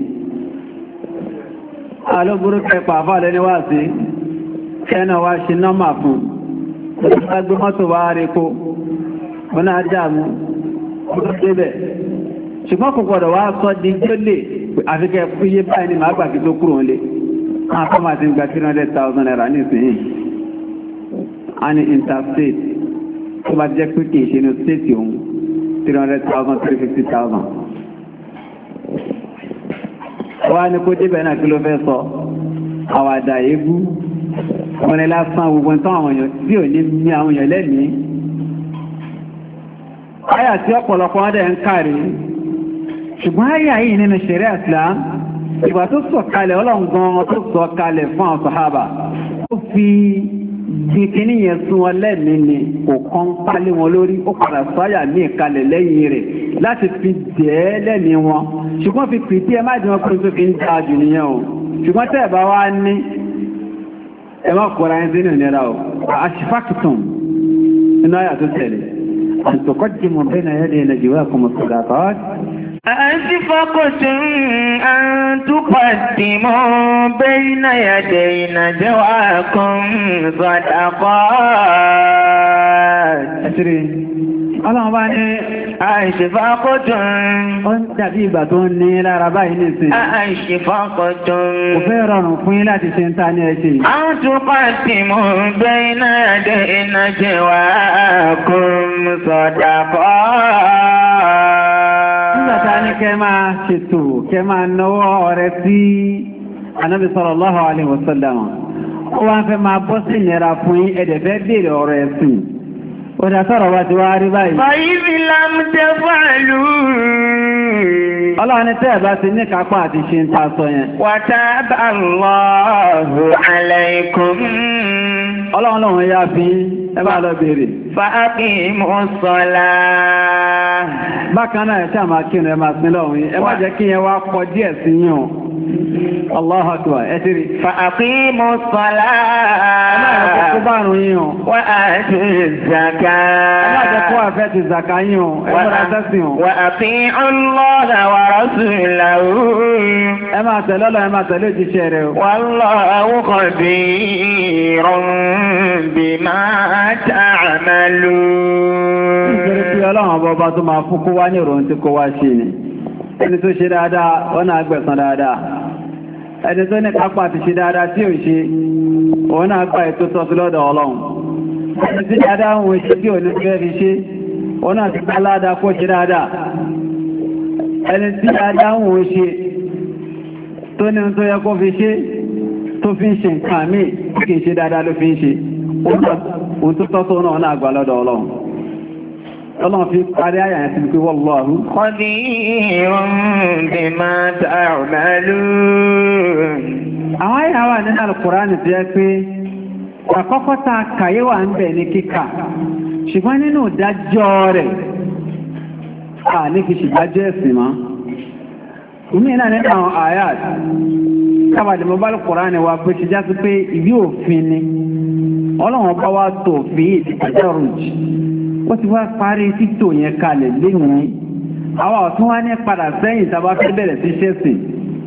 alóburú kẹpà àfà lẹ́ni wà sí kẹ́nà wá ṣe nọ́mà fún ọdúnlágbé mọ́tò wá rẹ̀kó wọn àjáàmú ọdúnlẹ́bẹ̀ ṣùgbọ́n kò gbọ́dọ̀ wá sọ di tó lè àfikẹ́ iye báyìí ni màá gbà kí tó kúrò ń lé wọn àkọ́ máa ti gba three hundred thousand naira nísìnyí a ní interstate tó bá jẹ́ pé kì í ṣe ní state òun three hundred thousand three fifty thousand wọ́n á ní kó débẹ̀ náà kí ló fẹ́ sọ àwàdà eégún ọmọdé lásán gbogbo tán àwọn èèyàn tí ò ní ní àwọn èèyàn lẹ́mìí àyà tí ọ̀pọ̀lọpọ̀ ọdẹ ń kàrí ṣùgbọ́n àyà yìí nínú ṣẹ̀rẹ́ Islam ìgbà tó sọ kalẹ̀ ọlọ́ngan tó sọ kalẹ̀ fún àwọn sọ̀hábà ó fi dìkíní yẹn sún wọn lẹ́mìí ni kò kàn pálí wọn lórí ó padà sọ àyà ní ìkalẹ̀ lẹ́yìn rẹ̀ láti fi dẹ̀ lẹ́mìí wọn ṣùgbọ́n fi pìtì ẹ má jẹun pé tó fi ń dáa jù nìyẹn o ṣùgbọ́n tẹ́ ẹ̀ bá wá ní ẹ má kọ́ra ẹ sínú ìnira o àṣìfàkìtàn iná ayà tó tẹ̀lé àtòkọ́jì mọ̀ bẹ́ẹ̀ náà yẹ́dẹ̀ ẹ̀nẹ́jì wá kọ́mọ̀ sọ̀dà tọ́ أأشفقتم أن تقدموا بين يدي نجواكم صدقات Ọlọ́run bá ní àìṣèfà kọ́tùn. Ó ń dàbí ìgbà tó ń ní lára báyìí nìsìn. Àìṣèfà kọ́tùn. Kò fẹ́ rọrùn fún yín láti ṣe ń ta ní ẹ̀ṣẹ̀. A ń tún pàtì mú gbé iná àdé iná jẹ wá kún sọ̀dà kọ́. Nígbà tá a ní kẹ́ máa ṣètò kẹ́ máa náwó ọ̀rẹ́ sí Anábì sallallahu alaihi wasallam. Ó wá ń fẹ́ máa bọ́ sí ìnira fún yín ẹ̀dẹ̀fẹ́ béèrè ọ̀rọ̀ ẹ̀sìn. ó dá sọ́rọ̀ wá ti wá rí báyìí. fàyíbi lámúdẹ́ fàálù. ọlọ́run tẹ́ ẹ̀ bá ti ní kápá àti ṣe ń ta sọ yẹn. wàtábà Allahu alaykum. ọlọ́run lòun yá fi ẹ bá lọ béèrè. faqimu bákan náà ẹ̀ ẹ Allahu akbar ẹ̀tìrì. Fàkímù sọ́lá. Ẹ̀mọ́ bá rùn yín o. Wà á ti zàkà. Ẹ̀mọ́ àjẹ́kọ́ àfẹ́ ti zàkà yín o. Ẹ̀mọ́ àtẹ́sìn o. Wà á fi ọlọ́dà wà rọ́sù ìlàwó. Ẹ máa tẹ̀lé ẹ máa tẹ̀lé ìjíṣẹ́ rẹ̀ Wà lọ àwòkọ̀ ẹni tó ṣe dáadáa ọ̀nà agbẹ̀san dáadáa ẹni tó ní kápá ti ṣe dáadáa tí ò ṣe ọ̀nà agbà ètò tọ́sí lọ́dọ̀ ọlọ́run ẹni tí dáadáa ń wọ́n ṣe tí ò ní fi ṣe ọ̀nà ti gbá ládàá kó ṣe dáadáa ẹni tí dáadáa ń wọ́n ṣe ọlọ́run fi parí àyà yẹn síbi pé wọ́n lọ ọ̀run. kọ́dí irun bí máa ta ọ̀nà lù. àwọn àyà wà nínú Al-Kùránì tó yẹ pé àkọ́kọ́ tá a kàyé wà ń bẹ̀ ní kíkà ṣùgbọ́n nínú ìdájọ́ rẹ̀ a ní fi ṣèdájọ́ ẹ̀sìn mọ́. Omi náà nínú àwọn ayat kábàdì mobile Kùránì wa pé ṣíjá sí pé ìwé òfin ni ọlọ́run bá wá tó òfin ìdíkàjọ́ rùjì. wọ́n ti wá parí títò yẹn kalẹ̀ lẹ́yìn àwọn ọ̀tún wá ní padà sẹ́yìn tàbá fẹ́ bẹ̀rẹ̀ sí ṣẹ́sì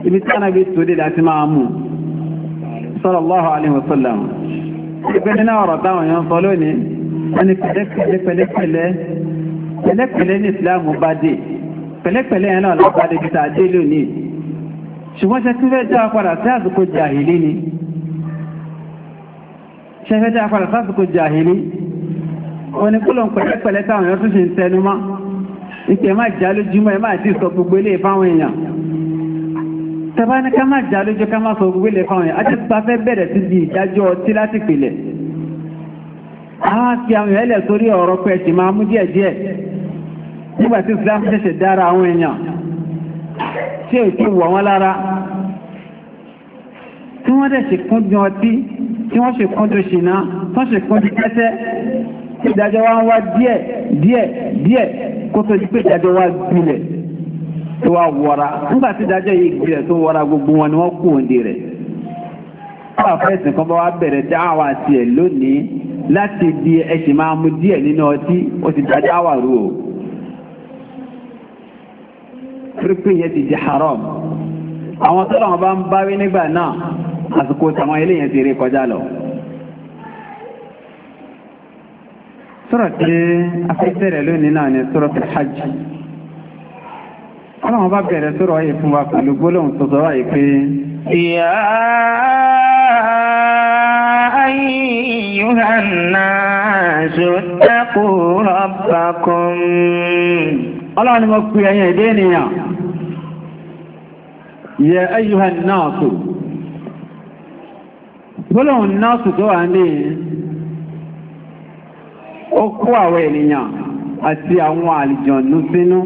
ibi tí anábi tó dé láti máa mú sallallahu alaihi wasallam ìgbẹ́ nínú ọ̀rọ̀ táwọn èèyàn sọ lónìí wọ́n ni pẹ̀lẹ́pẹ̀lẹ́pẹ̀lẹ́ pẹ̀lẹ́pẹ̀lẹ́ ní ìsìláàmù bá dé pẹ̀lẹ́pẹ̀lẹ́ yẹn náà lọ́pàá dé bíta dé lónìí ṣùgbọ́n ṣe tí fẹ́ já padà sí àsìkò jàhìlì ni ṣe fẹ́ já padà sí àsìkò jàhìlì òun ni kúlọ̀ pẹ̀lẹ́pẹ̀lẹ́ táwọn èèyàn tún ṣe ń tẹnu mọ́ ìpè má jà lójúmọ́ ẹ má ti sọ gbogbo ilé ìfáwọn èèyàn tẹ́bá ní ká má jà lójú ká má sọ gbogbo ilé ìfáwọn èèyàn àti pa fẹ́ bẹ̀rẹ̀ sí di ìdájọ́ ọtí láti pìlẹ̀ àwọn kí àwọn èèyàn lẹ̀ sórí ọ̀rọ̀ pẹ̀ sì máa mú díẹ̀ díẹ̀ nígbà tí Islam ṣẹ̀ṣẹ̀ dára àwọn èèyàn tí ò tí wọ̀ wọ́n lára tí wọ́n dẹ̀ ṣe kúndùn ọtí tí wọ́n ṣe kúndùn ṣìnà tí wọ́n ṣe kúndùn tẹ́tẹ́ tí ìdájọ́ wa ń wá díẹ̀ díẹ̀ díẹ̀ kó tó di pé ìdájọ́ wa gbilẹ̀ tó wá wọra nígbà tí ìdájọ́ yìí gbilẹ̀ tó wọra gbogbo wọn ni wọ́n kú òǹde rẹ̀ wọ́n àfẹ́sìn kan bá wá bẹ̀rẹ̀ dáhàwá tiẹ̀ lónìí láti di ẹ̀sìn máa mú díẹ̀ nínú ọtí ó ti dájọ́ àwàrú o pírípì yẹn ti di haram àwọn tọ́lọ̀ wọn bá ń báwí nígbà náà àsìkò tàwọn eléyẹn ti rí kọjá lọ. sọ̀rọ̀ tí afẹ́fẹ́ rẹ̀ lónìí náà ni sọ̀rọ̀ ti hajj ọlọ́run bá bẹ̀rẹ̀ sọ̀rọ̀ yìí fún wa pẹ̀lú gbólóhùn tó sọ̀rọ̀ yìí pé. ìyá ayyuhanna ṣòtẹ́kù rabbakum. ọlọ́run ni mo pè ẹ̀yin ìdí ènìyàn. ìyá ayyuhanna ṣò gbólóhùn náà ṣò tó wà ń ó kó àwọn ènìyàn àti àwọn àlìjọ̀nú sínú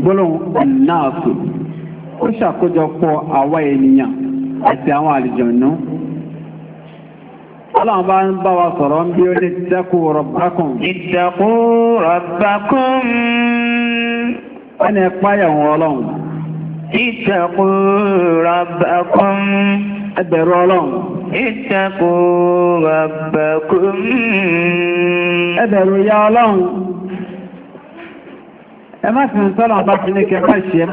gbólóhùn ọ̀nààfù ó ṣàkójọpọ̀ àwọn ènìyàn àti àwọn àlìjọ̀nú Ọlọ́run bá ń bá wa sọ̀rọ̀ ń bí ó ní ìtẹ́kù rọ̀bákùn. Ìtẹ́kù rọ̀bákùn. Wọ́n ẹ̀pá yẹ̀wọ̀n Ọlọ́run. rọ̀bákùn. ẹgbẹ̀rún ọlọ́run. ìtẹ̀kù ẹgbẹ̀rún ya ọlọ́run ẹ má fi ń sọ́nà bá fi ní ṣe ẹ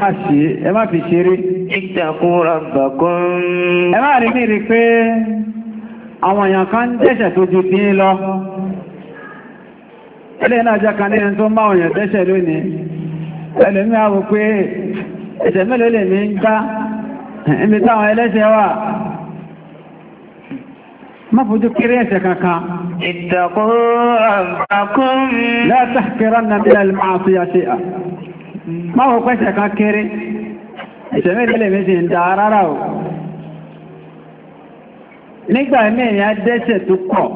má ṣe ẹ fi ṣeré. ìtẹ̀kù rọ̀bẹ̀kù ẹ má rí pé àwọn èèyàn kan ń dẹ́ṣẹ̀ tó ju bí lọ ẹlẹ́ náà jẹ́ kan nínú tó máa èèyàn dẹ́ṣẹ̀ lónìí ẹlẹ́mí àwọ̀ pé ẹ̀ṣẹ̀ mélòó lè ní ń gbá táwọn ẹlẹ́ṣẹ̀ ما فوجو كريسة كاكا اتقوا ربكم لا تحقرن من المعصية شيئا ما هو كويسة كاكيري ìṣẹ́mẹ́lẹ́ lẹ́mẹ́sẹ̀ ń da rárá o nígbà mẹ́rin adẹ́sẹ̀ tó kọ̀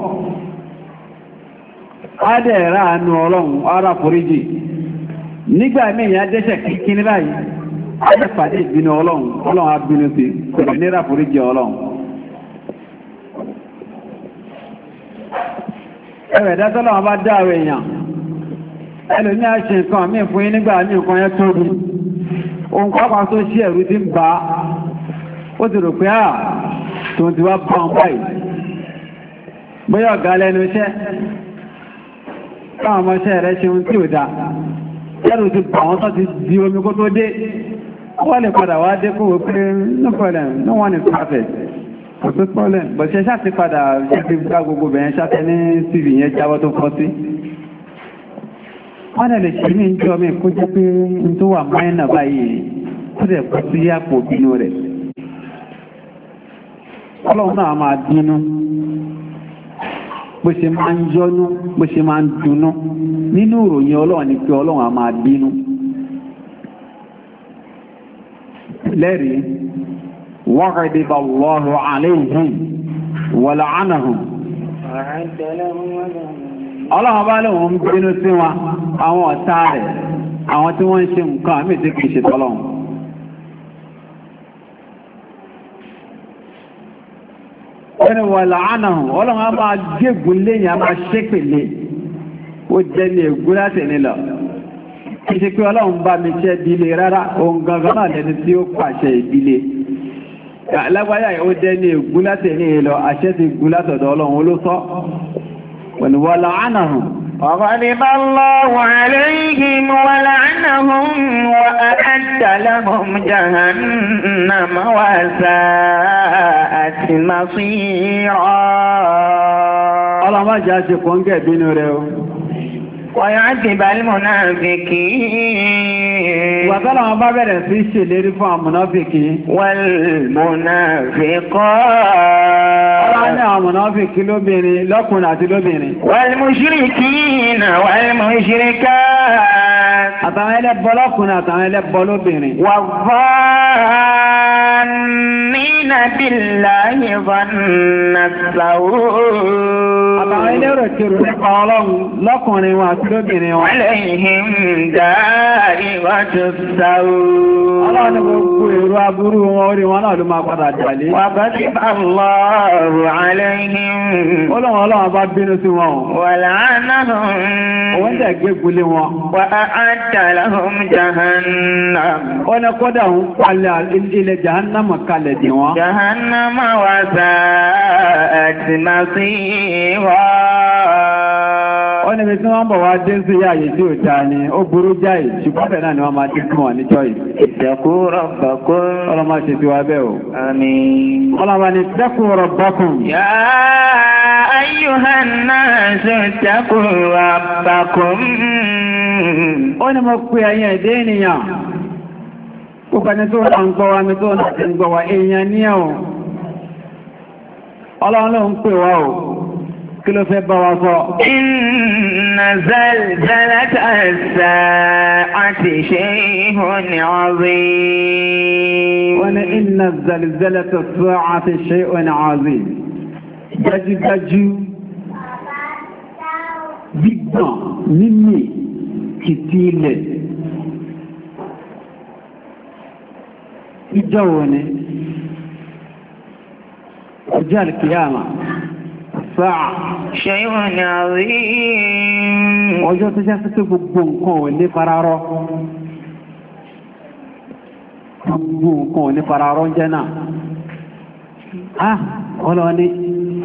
adẹ́ra àánú ọlọ́run ara foríjì nígbà mẹ́rin adẹ́sẹ̀ kíkí ní báyìí adẹ́pàdé ìbínú ọlọ́run ọlọ́run abínú sí kò ní ráforíjì ọlọ́run ẹ̀rẹ̀ dátọ́lọ́ wọn bá dáàrẹ̀ èèyàn ẹlòmí àṣẹ nǹkan mí fún yín nígbà ní nǹkan yẹn tóbi ohun pápá tó ṣí ẹ̀rú ti ń bá ó ti rò pé à ah, tó ti wá bá ń báyìí bóyá ọ̀gá lẹ́nu iṣẹ́ káwọn ọmọọṣẹ́ rẹ̀ ṣe ohun tí ò dáa ẹ̀rù ti bà wọ́n tó ti di omi kó tó dé wọ́n lè padà wá dé kó wọ́n pé no problem no one is perfect kò sí problem bọ̀ ṣe ṣáà ti padà ṣe ti gbá gbogbo bẹ̀rẹ̀ ṣáà ní cv yẹn jábọ́ tó fọ́ sí wọ́n lè ṣe ní ìjọ mi kó jẹ́ pé n tó wà mọ́ẹ́nà báyìí tó rẹ̀ kó sí àpò bínú rẹ̀ ọlọ́run náà máa dínú bó ṣe máa ń yọnú وغضب الله عليهم ولعنهم ọlọ́run bá lóun ń bínú sí wọn àwọn ọ̀tá rẹ̀ àwọn tí wọ́n ń ṣe nǹkan àmì tí kìí ṣe tọ́lọ́run ẹni wọ̀ làánàhùn ọlọ́run á máa gégùn léyìn a máa ṣépèlé ó jẹ́ ní ègún láti nílọ kìí ṣe pé ọlọ́run bá mi ṣẹ́ ìdílé rárá ohun gangan náà lẹni tí ó pàṣẹ ìdílé lágbáyà ó dẹ́ ní ègún láti ní ìlọ àṣẹ ti gún látọ̀dọ̀ ọlọ́run olóṣọ́ pẹ̀lú wọ́n lọ́ánà hàn وغضب الله عليهم ولعنهم وأعد لهم جهنم وساءت مصيرا. الله ما جاء شكون كبير ويعذب المنافقين وطلع بابر في الشلير فالمنافقين والمنافقات أنا منافق لبني لكن أتي لبني والمشركين والمشركات أتعمل لبا لكن أتعمل لبا لبني والظنين بالله ظن السوء Àwọn ẹlẹ́rọ̀ kèrò nípa ọlọ́run lọ́kùnrin wọn àti lóbìnrin wọn. Ẹlẹ́yìn dáàrí wá tó sáwó. Ọlọ́run gbogbo èrò aburú wọn orí wọn náà ló máa padà jàlé. Wà bá ti bá lọ́rù alẹ́yìn. Ọlọ́run ọlọ́run bá bínú sí wọn. Wà láàánà Wọ́n jẹ́ gbégbulé wọn. Wà ó níbi tí wọ́n bọ̀ wá dé sí ààyè tí ò ta ni ó burú jáì ṣùgbọ́n náà ni wọ́n máa dé fún wọn níjọ́ yìí. ìtẹ̀kù ṣe ti o. àmín. ọlọ́mọ ni ìtẹ̀kù rọ̀bàkún. yá ayyuhan nas ìtẹ̀kù rọ̀bàkún. ó ní mo pe ẹ̀yin ẹ̀dẹ́ ènìyàn gbogbo ẹni tó ń gbọ́ wa mi tó ń kí ló fẹ́ bá wa sọ. Inna zalzalata as-sa'ati shay'un 'azim. Wọ́n ní inna zalzalata as-sa'ati shay'un 'azim. Dájúdájú gbígbọ̀n mímì kìtì ilẹ̀. Ìjọ́ wo ni? Ọjọ́ àlùkìyàmà sáà. Ṣẹ́yìn ni a rí. Ọjọ́ tó jẹ́ sí gbogbo nǹkan ò ní fararọ́. Gbogbo nǹkan ò ní fararọ́ jẹ́ náà. Ah, ọlọ́ni,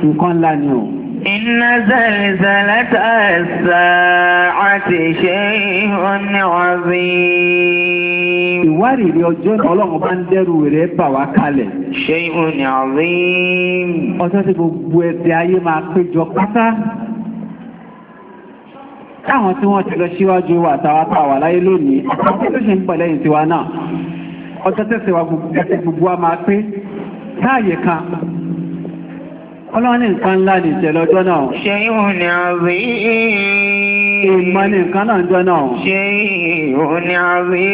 nǹkan ńlá ni o. إن زلزلة الساعة شيء عظيم ìwárìrì ọjọ́ ọlọ́run bá ń dẹ́rù rẹ̀ bà wá kalẹ̀. شيء عظيم ọjọ́ tí gbogbo ẹ̀dẹ̀ ayé máa péjọ pátá táwọn tí wọ́n ti lọ síwájú wà tàwátà wà láyé lónìí àti ló ṣe ń pẹ̀lẹ́ yìí tiwa náà ọjọ́ tẹ̀sẹ̀ wa gbogbo wa máa pé táàyè kan ọlọ́wọ́n nǹkan ńlá ní ìṣẹ̀lẹ̀ ọjọ́ náà ṣe ìhùn àrí ìmọ̀ ní nǹkan náà jọ náà ṣe ìhùn àrí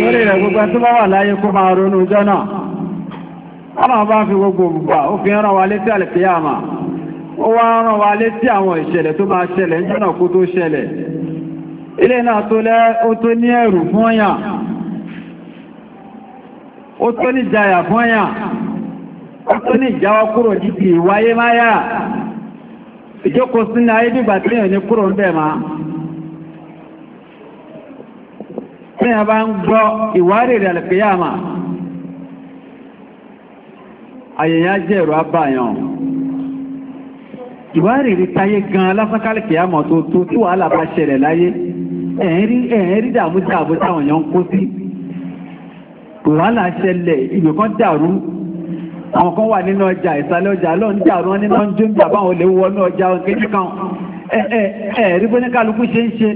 lórí rẹ̀ gbogbo tó bá wà láyé kó máa ronú jọ náà bá fi gbogbo gbogbo ó fi wa létí àlẹ́kìyàmà ó wá rán wa létí àwọn ìṣẹ̀lẹ̀ tó máa ṣẹlẹ̀ kó tó ṣẹlẹ̀ ilé náà tó lẹ́ ó tó ní fún ọyàn ó tó ní jayà fún ọyàn tó ní ìjáwọ́ kúrò níbi ìwáyé máyà ìjókòó sínú ayé dìgbà tí èèyàn ní kúrò ń bẹ̀ máa tí a bá ń gbọ́ ìwárí rẹ̀ alìkìyàmà àyèyà jẹ́ ìrọ̀ abáyàn ìwárí rí táyé gan aláfákàlìkìyàmà tó tó tí wà lábá ṣẹlẹ̀ láyé ẹ̀ẹ́rí dàmúdàmú àwọn kan wà nínú ọjà ìsàlẹ̀ ọjà ló ń jà wọ́n nínú ọjọ́ ń jà báwọn olè wọnú ọjà kéjì kan ẹ̀ẹ̀rí bó ní kálukú ṣe ń ṣe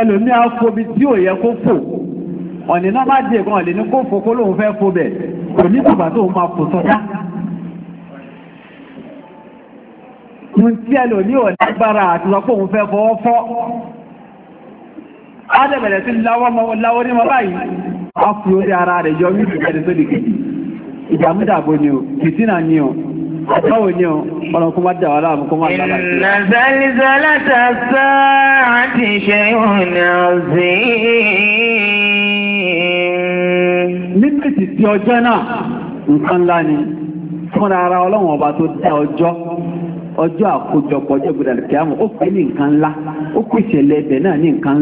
ẹlòmí a fò bí tí ò yẹ kó fò ọ̀nì náà má dé kan ọ̀lè ní kó fò kó lóun fẹ́ fò bẹ̀ kò ní bàbá tó máa fò sọ́dá mú tí ẹlòmí ò lágbára àti sọ pé òun fẹ́ fọwọ́ fọ́ á dẹ̀bẹ̀rẹ̀ sí láwọ́ ní mọ́ báyìí a fi orí ara rẹ̀ yọ wípé ẹni tó lè kejì ìdàmúdàbò ni o kìtínà ni o àtọ́wò ni o ọ̀nà má dà má ọjọ́ àkójọpọ̀ ọjọ́ ó pè ní nǹkan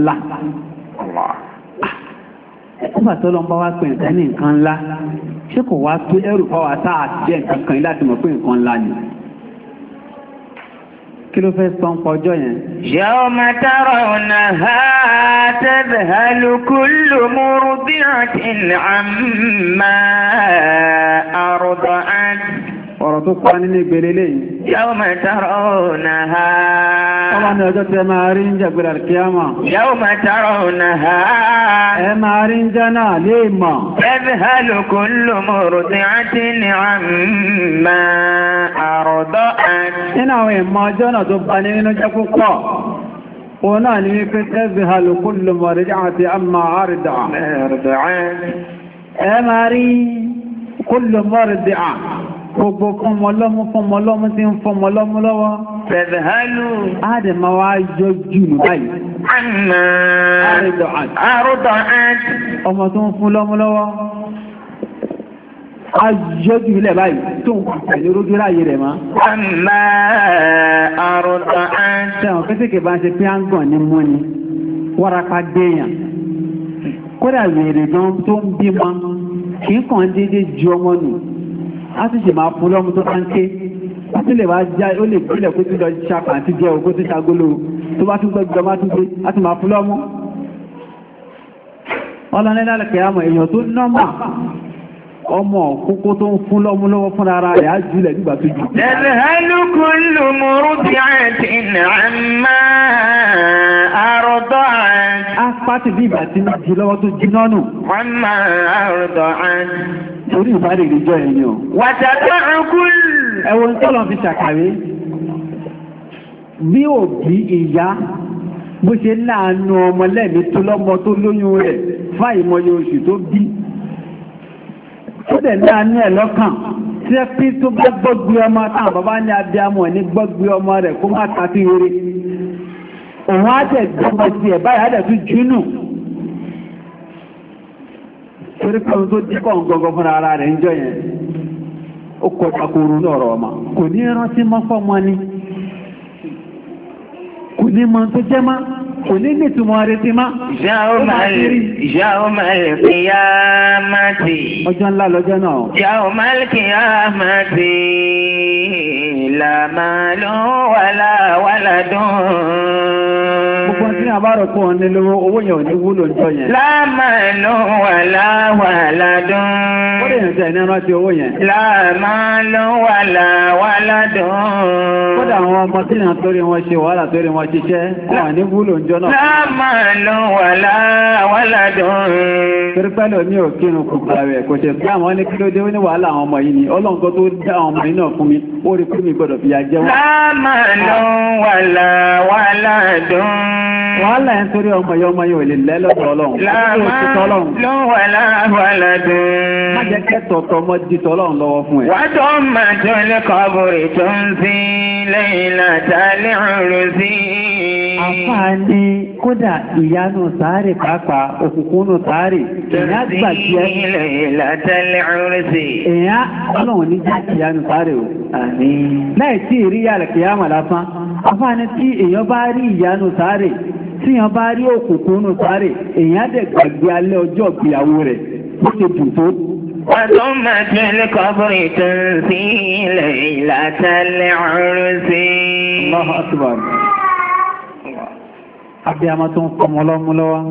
ńlá ó náà nígbà tó lọ́n bá wá pè nǹkan ní nǹkan ńlá ṣé kò wá tó ẹrù bá wa tá jẹ́ nǹkan kan láti mọ̀ pé nǹkan ńlá ni. kí ló fẹ́ sọ ń pọjọ́ yẹn. yawma tarawnaha tadhalu kullu murdi'atin amma arda'at. ọ̀rọ̀ tó pa nínú ìgbèrè lẹ́yìn. yàwó máa tààrọ̀ ọ̀nà ha. ọmọ ní ọjọ́ tẹ máa rí ń jẹgbèrè àkíyàmà. yàwó máa tààrọ̀ ọ̀nà ha. ẹ máa rí ń jẹ́ náà lé mọ̀. ẹbí ha ló kó ń lò mọ́ ọ̀rọ̀ tí a ti ní àmà àròdọ́ àti. nínú àwọn ìmọ̀ ọjọ́ náà tó bá ní nínú jẹ́ púpọ̀ òun náà ni wípé ẹbí ha ló kó ń lò mọ̀ ọ̀rọ̀ tí a ti àmà àròdọ́ àti. ẹ máa rí kó ń lò mọ́ ọ̀rọ̀ gbogbo kọmọlọ́mú kọmọlọ́mú tí ń fọmọlọ́mú lọ́wọ́. fẹ̀dẹ̀hálù. àdè máa wá yọ jùnú báyìí. àná àrùdọ̀ àti. ọmọ tó ń fún lọ́mú lọ́wọ́. a yọ jù ilẹ̀ báyìí tó ń pẹ̀lú orójú ráyè rẹ̀ mọ́. àná àrùdọ̀ àti. sẹ́wọ̀n kétékè bá ń ṣe pé à ń gàn ní mú ni wárapá déèyàn kódà wèrè gan tó ń bímọ kì í kàn déédéé ju a ti ṣe máa fún lọ́mú tó bá ń ké a ti lè wá já ó lè gbílẹ̀ kó tí lọ ṣapà àti jẹ́ òkú tí ṣagolo tó bá tún gbẹ́gbẹ́ má tún gbé a ti máa fún lọ́mú ọlọ́nẹ́lẹ́lẹ́kẹ̀ẹ́ àmọ̀ èèyàn tó nọ́mà ọmọ kókó tó ń fún lọ́múlọ́wọ́ fún ara rẹ̀ á jùlẹ̀ nígbà tó jù. ẹ̀lẹ́hálùkù ló mú rúbí àti nàmá àrọ̀dọ̀ àti. a pàtì bí ìgbà tí ní jù lọ́wọ́ tó jiná nù. wọ́n máa àrọ̀dọ̀ àti. torí ìbáraẹ̀ ẹ̀yìn o. wàtàkùn kúl. ẹ̀wọ̀n tọ́lọ̀ fi ṣàkàwé bí òbí ìyá bó ṣe láàánú ọmọ lẹ́mí tó lọ́mọ tó lóyún rẹ̀ fáìmọye oṣù tó bí tó dẹ̀ láàánú ẹ̀ lọ́kàn tí ẹ pín tó bá gbọ́gbé ọmọ tán bàbá ní abiyamọ ní gbọ́gbé ọmọ rẹ̀ kó má ta sí rere òun á tẹ̀ sí ẹ̀ báyìí tún torí kan tó ara rẹ̀ ń jọ yẹn ó kọ lọ́rọ̀ ọmọ kò ní ni kò ní mọ́ tó jẹ́ kò ní ní túnmọ̀ rẹ̀ ti má. Ìjà ọmọ ìrìnkìyà máa Ọjọ́ ńlá lọ́jọ́ náà. Ìjà ọmọ إلا مال ولا ولد Gbogbo tí a bá rọ̀ pọ̀ ní lówó owó yẹn ò ní wúlò jọ yẹn. Láàmà ló wà láwà ládùn. Ó lè yàn jẹ́ ìní rántí owó yẹn. Láàmà ló wà láwà ládùn. Kódà àwọn ọmọ tí yàn torí wọn ṣe wàhálà torí wọn ṣiṣẹ́, wà ní wúlò jọ náà. Láàmà ló wà láwà ládùn. Torí pẹ́lú ní òkírun kò gbà rẹ̀ kò ṣe pé àwọn ní kí ló dé ní wàhálà àwọn ọmọ yìí ni. Ọlọ́run tó dá àwọn ọmọ yìí náà fún mi, ó rí pé mi gbọ́dọ̀ fi àjẹ́ wọn. láàmàlú wàlà wàlà dùn. wàhálà ẹ̀ ń torí ọmọ yẹn ọmọ yẹn ò lè lẹ́ lọ́dọ̀ ọlọ́run. láàmàlú wàlà wàlà dùn. má jẹ́ kẹ́tọ̀ tọmọ di tọ́lọ́run lọ́wọ́ fún ẹ. wàá tó màtó lẹ́kọ̀ọ́ bòrè tó ń sin lẹ́yìn látàlẹ́ òrùn sí àfáà ní kódà ìyanu sáré pàápàá òkùnkùnù sáré ìyá gbàgbé ìlàtẹ́lẹ̀ ọ̀rẹ́sì. ìyá ọlọ́run ní jẹ́ ìyanu sáré o. láì tí ì rí àlùkìyàmọ̀ lásán àfáà ní tí èèyàn bá rí ìyanu sáré tíyàn bá rí òkùnkùnù sáré èèyàn dẹ̀ gbàgbé alẹ́ ọjọ́ ìgbéyàwó rẹ̀ bó ṣe dùn tó. وثم في القبر تنزيل ليلة العرس الله أكبر abiyama tó ń fọmọ lọ́mú lọ́wọ́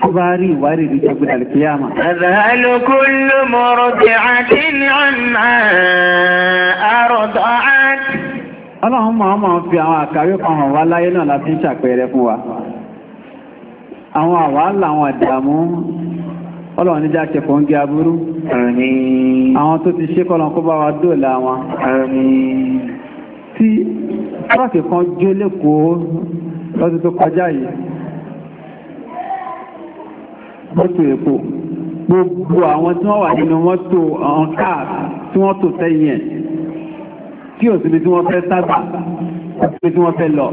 tó bá rí ìwárí ìrìn jẹ́gbẹ̀ alìkìyàmà. Àzàlù kúlù mọ̀rọ̀ tí a ti ní ọ̀nà àrọ̀dọ̀ àti. Ọlọ́run máa máa fi àwọn àkàrí kan hàn wá láyé náà láti ń ṣàpẹẹrẹ fún wa. Àwọn àwàálà àwọn àdàmú Ọlọ́run níjà kẹfọ́ ń gé aburú. Àwọn tó ti ṣe kọ́lọ̀ kó bá wa dóòlà wọn. Tí trọ́ọ̀kì kan jó lẹ́kọ̀ọ́ lọ́dún tó kọjá yìí mọ́tò èkó gbogbo àwọn tí wọ́n wà nínú mọ́tò àwọn káà tí wọ́n tò sẹ́yìn ẹ̀ tí ò síbi tí wọ́n fẹ́ sábà síbi tí wọ́n fẹ́ lọ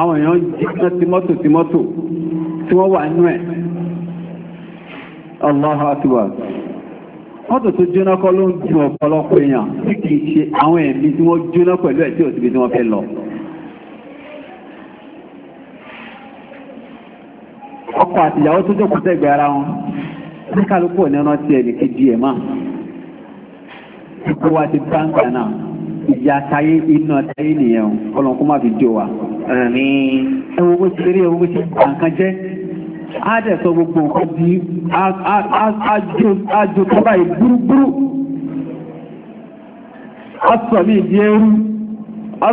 àwọn èèyàn jẹ́ tí mọ́tò tí mọ́tò tí wọ́n wà nínú ẹ̀ Allahu Akbar mọ́tò tó jóná kọ́ ló ń ju ọ̀pọ̀lọpọ̀ èèyàn tí kìí ṣe àwọn ẹ̀mí tí wọ́n jóná pẹ̀lú ẹ̀ tí ò síbi tí wọ́n fẹ́ lọ ọkọ ìyàwó tó jókòó sẹ́gbẹ̀ẹ́ ara wọn ní kálukú ní ọ̀nà tí ẹnì kejì ẹ̀ máa ìpò wa ti gbangba náà ìjà táyé iná táyé nìyẹn má fi jó wa. ẹ wo bó ṣe rí di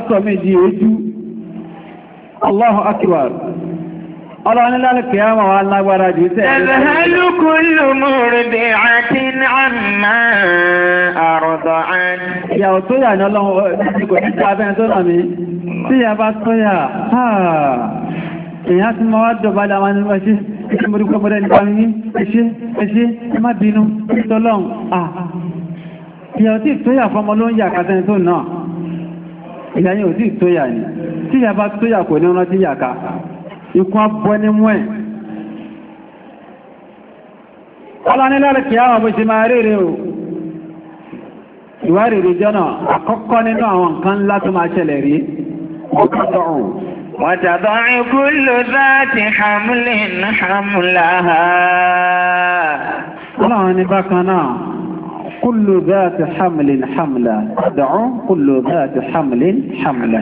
tó báyìí di di Ọlọ́run lálẹ́ kìí àmà wà lágbára jù tẹ́ Ẹ̀lẹ́lúkú ló mú rèdè àti àmà àrọ̀dọ̀ àti. Ìyàwó tó yà ní ọlọ́run kò ní sábẹ́ tó nà mí, tí yà bá tó yà, èyàn ti máa wá dọ̀bá láwọn ní wáṣí, ìṣẹ́ mọ́rúkọ nípa ní ẹṣẹ́ ẹṣẹ́ má bínú tọ́lọ́run. Ìyàwó tí ìtóyà fọmọ ló ń yà kàtẹ́ tó náà, ìyà yóò tí ìtóyà ni, tí bá tóyà kò ní rántí ikú abọ́ ní mú ẹ̀ ọlọ́nílọ́rẹ̀ kí àwọn bó ṣe máa rèrè o ìwà rèrè jọ́nà àkọ́kọ́ nínú àwọn nǹkan ńlá tó máa ṣẹlẹ̀ rí ọkọ̀tọ̀rùn وتضع كل ذات حمل حملها Ọlọ́run ni bákan náà, كل ذات حمل حملا أدعو كل ذات حمل حملا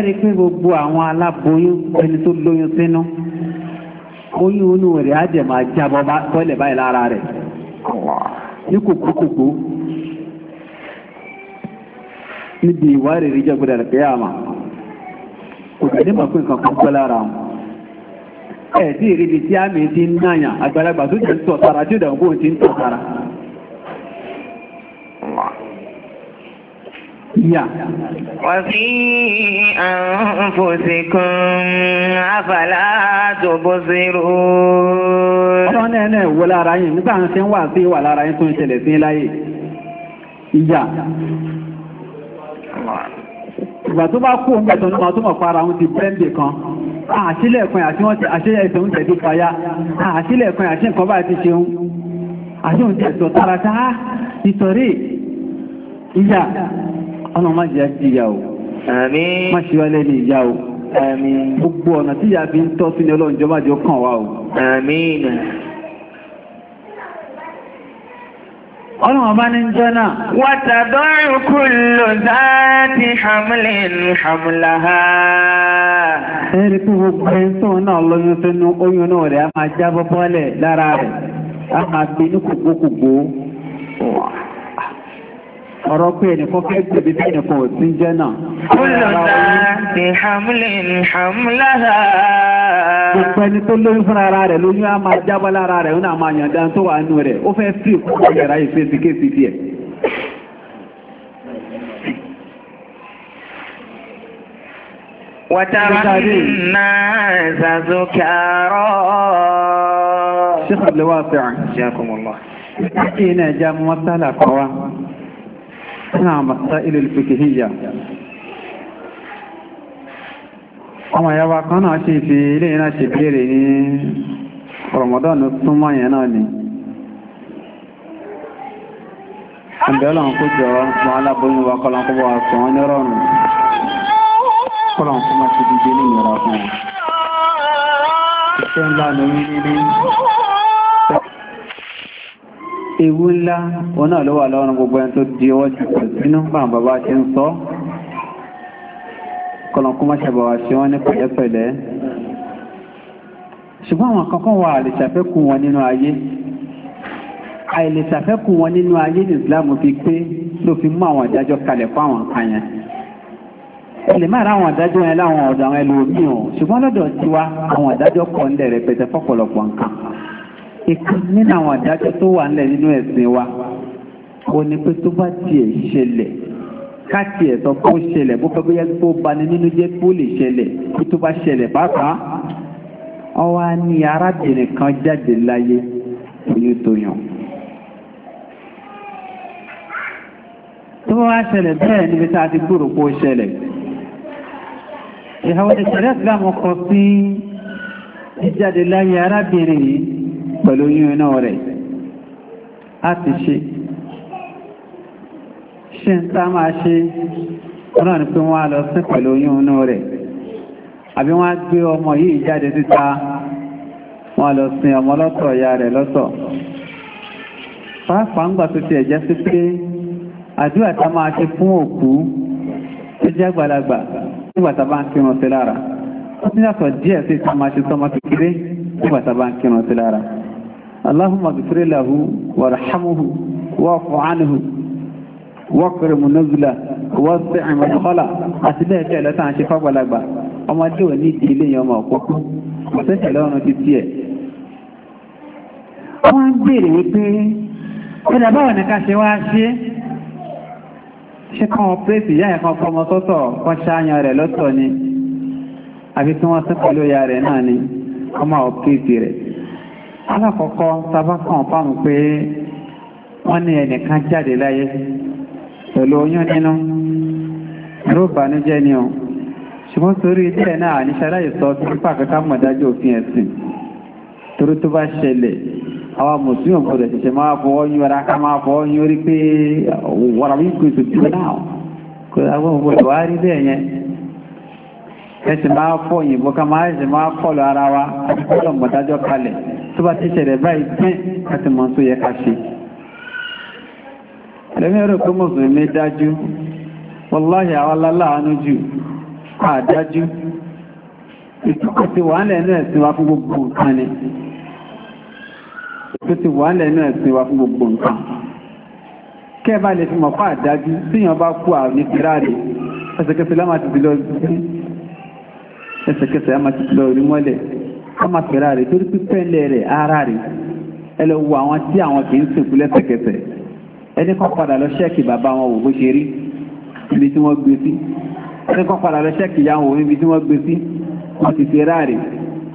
ẹ̀rí pé gbogbo àwọn aláboyún ẹni tó lóyún sínú oyún inú rẹ̀ á jẹ̀ máa jábọ́ tọ́lẹ̀ báyìí lára rẹ̀ ní kòkókòkó níbi ìwárìrì rí jẹ́gbẹ̀rẹ̀ rẹ̀ pé àmà kò ní mọ̀ pé nǹkan gbọ́ lára wọn ẹ̀ẹ́dì ìrìbì tí àmì ti ń náyà àgbàlagbà tó jẹ́ ń tọ̀ sára tí ó dàgbò ti ń tọ̀ sára kíyà. Wàfí àǹfòsíkún àfàlà tó bó zero. Ọlọ́run náà náà wọ lára yìí nígbà ń ṣe ń wà sí wà lára yìí tó ń ṣẹlẹ̀ sí láyé. Ìyà. Ìgbà tó bá kú oúnjẹ tó ń mọ tó mọ̀ para òun ti bẹ́ẹ̀dì kan. Àṣílẹ̀ kan àṣẹ ẹ̀sẹ̀ oúnjẹ ti fàyà. Àṣílẹ̀ kan àṣẹ nǹkan báyìí ti ṣeun. Àṣẹ oúnjẹ ìtọ̀ tààràtà ìtọ̀rẹ́ ìyà ọ̀nà má jẹ́ sí ìyá o má ṣe wálé ní ìyá o gbogbo ọ̀nà tí ìyá fi ń tọ́ sí ní ọlọ́run jọba jọ kàn wá o. Ọlọ́run ọba ní jẹ́ náà. Wàtàdọ́ ìkú lò záàtì hamlin hamlaha. Ẹ̀rí pé gbogbo ẹni tó náà lóyún tó oyún náà rẹ̀ a máa jábọ́ bọ́lẹ̀ lára rẹ̀, a máa gbé ní kògbókògbó ọ̀rọ̀ pé ẹnìkan fẹ́ tẹ̀bí bí ẹnìkan ò sí jẹ́ náà. hamlin hamlaha. Gbogbo ẹni tó lóyún fúnra ara rẹ̀ lóyún á máa jábọ́ lára rẹ̀ ó náà máa yànjá tó wà nù rẹ̀ ó fẹ́ fi ìkú yàrá ìfèsì kéèsì tiẹ̀. Wàtàrà náà zàzùkàrọ̀. Ṣé Ṣé nínú àwọn masáìl al-fiqhiyya ọmọ ìyá wa kan náà ṣe fi ilé iná ṣe bèèrè ní Ramadan súnmọ́ yẹn náà ni ẹ̀bẹ̀lọ́n kó jọ wọn aláboyún wa kọ́lọ́n kó wọ́n sọ wọ́n nírọ̀rùn kọ́lọ́n kó má ti dìde ní ìrọ̀rùn ewu ńlá òun náà ló wà lọ́rùn gbogbo ẹni tó di ọwọ́ ti pẹ̀ sínú bá àwọn bàbá ṣe ń sọ kọlọ̀kú má ṣe bàbá ṣe wọ́n ní pẹ̀lẹ́pẹ̀lẹ́ ṣùgbọ́n àwọn kankan wà àlèṣàfẹ́kù wọn nínú ayé àìlèṣàfẹ́kù wọn nínú ayé ní Islam fi pé ló fi mú àwọn ìdájọ́ kalẹ̀ fún àwọn nǹkan yẹn ẹlẹ máa àwọn ìdájọ́ yẹn láwọn ọ̀dọ̀ àwọn ẹlòmíì ṣùgbọ́n lọ́dọ̀ tiwa àwọn ìdájọ́ kọ́ ń dẹ̀ rẹpẹtẹ fọ́pọ̀lọpọ̀ nǹkan ìkan nínú àwọn àdájọ́ tó wà nílẹ̀ nínú ẹ̀sìn wa ó ní pé tó bá tiẹ̀ ṣẹlẹ̀ ká tiẹ̀ sọ pé ó ṣẹlẹ̀ bó fẹ́ bóyá tó ni nínú jẹ́ tó lè ṣẹlẹ̀ kó tó bá ṣẹlẹ̀ pàápàá ọwọ́ á ní arábìnrin kan jáde láyé oyún tó yàn. tó bá wá ṣẹlẹ̀ bẹ́ẹ̀ níbi tá a ti gbúrò pé ṣẹlẹ̀ ìhàwọ̀ ìṣẹ̀lẹ̀ Islam kọ sí jíjáde láyé arábìnrin yìí pẹ̀lú oyún iná rẹ̀ a ti ṣe ṣe ń tá máa ṣe ọ̀nà ni pé wọ́n á lọ sí pẹ̀lú oyún iná rẹ̀ àbí wọ́n á gbé ọmọ yìí jáde síta wọ́n á lọ sin ọmọ lọ́tọ̀ ìyá rẹ̀ lọ́tọ̀ pàápàá ń gbà tó ti ẹ̀jẹ́ sí pé àdúrà tá máa ṣe fún òkú tó kírun sí lára ó ti yàtọ̀ díẹ̀ sí tá ṣe sọmọ kékeré nígbà tá ń kírun sí lára. اللهم اغفر له وارحمه واعف عنه واكرم نزله ووسع مدخله àtìlẹ́ ẹ̀kẹ́ ẹ̀lẹ́ tàà ṣe fábọ̀lágbà ọmọdé ò ní ìdílé yẹn ọmọ òkókó ọ̀sẹ̀kẹ̀ lọ́rùn ti tiẹ̀. wọ́n ń béèrè wípé ẹ̀dà báwọn ní ká ṣe wá ṣe ṣe kan ọ̀pẹ́sì yá ẹ̀kan ọmọ sọ́tọ̀ kan ṣáàyàn rẹ̀ lọ́tọ̀ ni àfi tí wọ́n sí pẹ̀lú ìyá rẹ̀ náà ni ọmọ ọ̀pẹ́sì rẹ̀ alákọ̀ọ́kọ́ tabakàn fáwọn pé wọ́n ní ẹnìkan jáde láyé pẹ̀lú oyún nínú ló bànújẹ́ ni o ṣùgbọ́n torí ilé náà àníṣàlá ìsọ sí pàkàkà mọ̀dájú òfin ẹ̀sìn torí tó bá ṣẹlẹ̀ àwọn mùsùlùmí ọ̀pọ̀lọ̀ ṣẹ̀ṣẹ̀ máa fọwọ́ yún ara ká máa fọwọ́ yún orí pé wàrà wí kò tó tó náà kò àwọn ọ̀pọ̀lọ̀ wá rí bẹ́ẹ̀ yẹn ẹ̀sìn máa fọ́ òyìnbó ká máa ẹ̀sìn máa kọlù ara wa àti kọlù mọ̀dájọ́ kalẹ̀ tó bá ti ṣẹlẹ̀ báyìí pín àti mọ̀ tó yẹ ká ṣe ẹ̀lẹ́mí ẹ̀rọ pé mùsùlùmí dájú wọláhì àwọn aláàánú jù àdájú ìtúkọ̀ ti wà nílẹ̀ náà sí wa fún gbogbo nǹkan ni tó ti wà nílẹ̀ náà sí wa fún gbogbo kama pẹ̀lá rẹ̀ torí pípẹ́lẹ̀ rẹ̀ ara rẹ̀ ẹ lọ wo àwọn tí àwọn kì í sìnkú lẹ́sẹ̀kẹsẹ̀ ẹni kan padà lọ ṣẹ́ẹ̀kì bàbá wọn wò bó ṣe rí ibi tí wọ́n gbé sí ẹni kan padà lọ ṣẹ́ẹ̀kì ìyá wọn wò ibi tí wọ́n gbé sí wọ́n ti fi ráàrè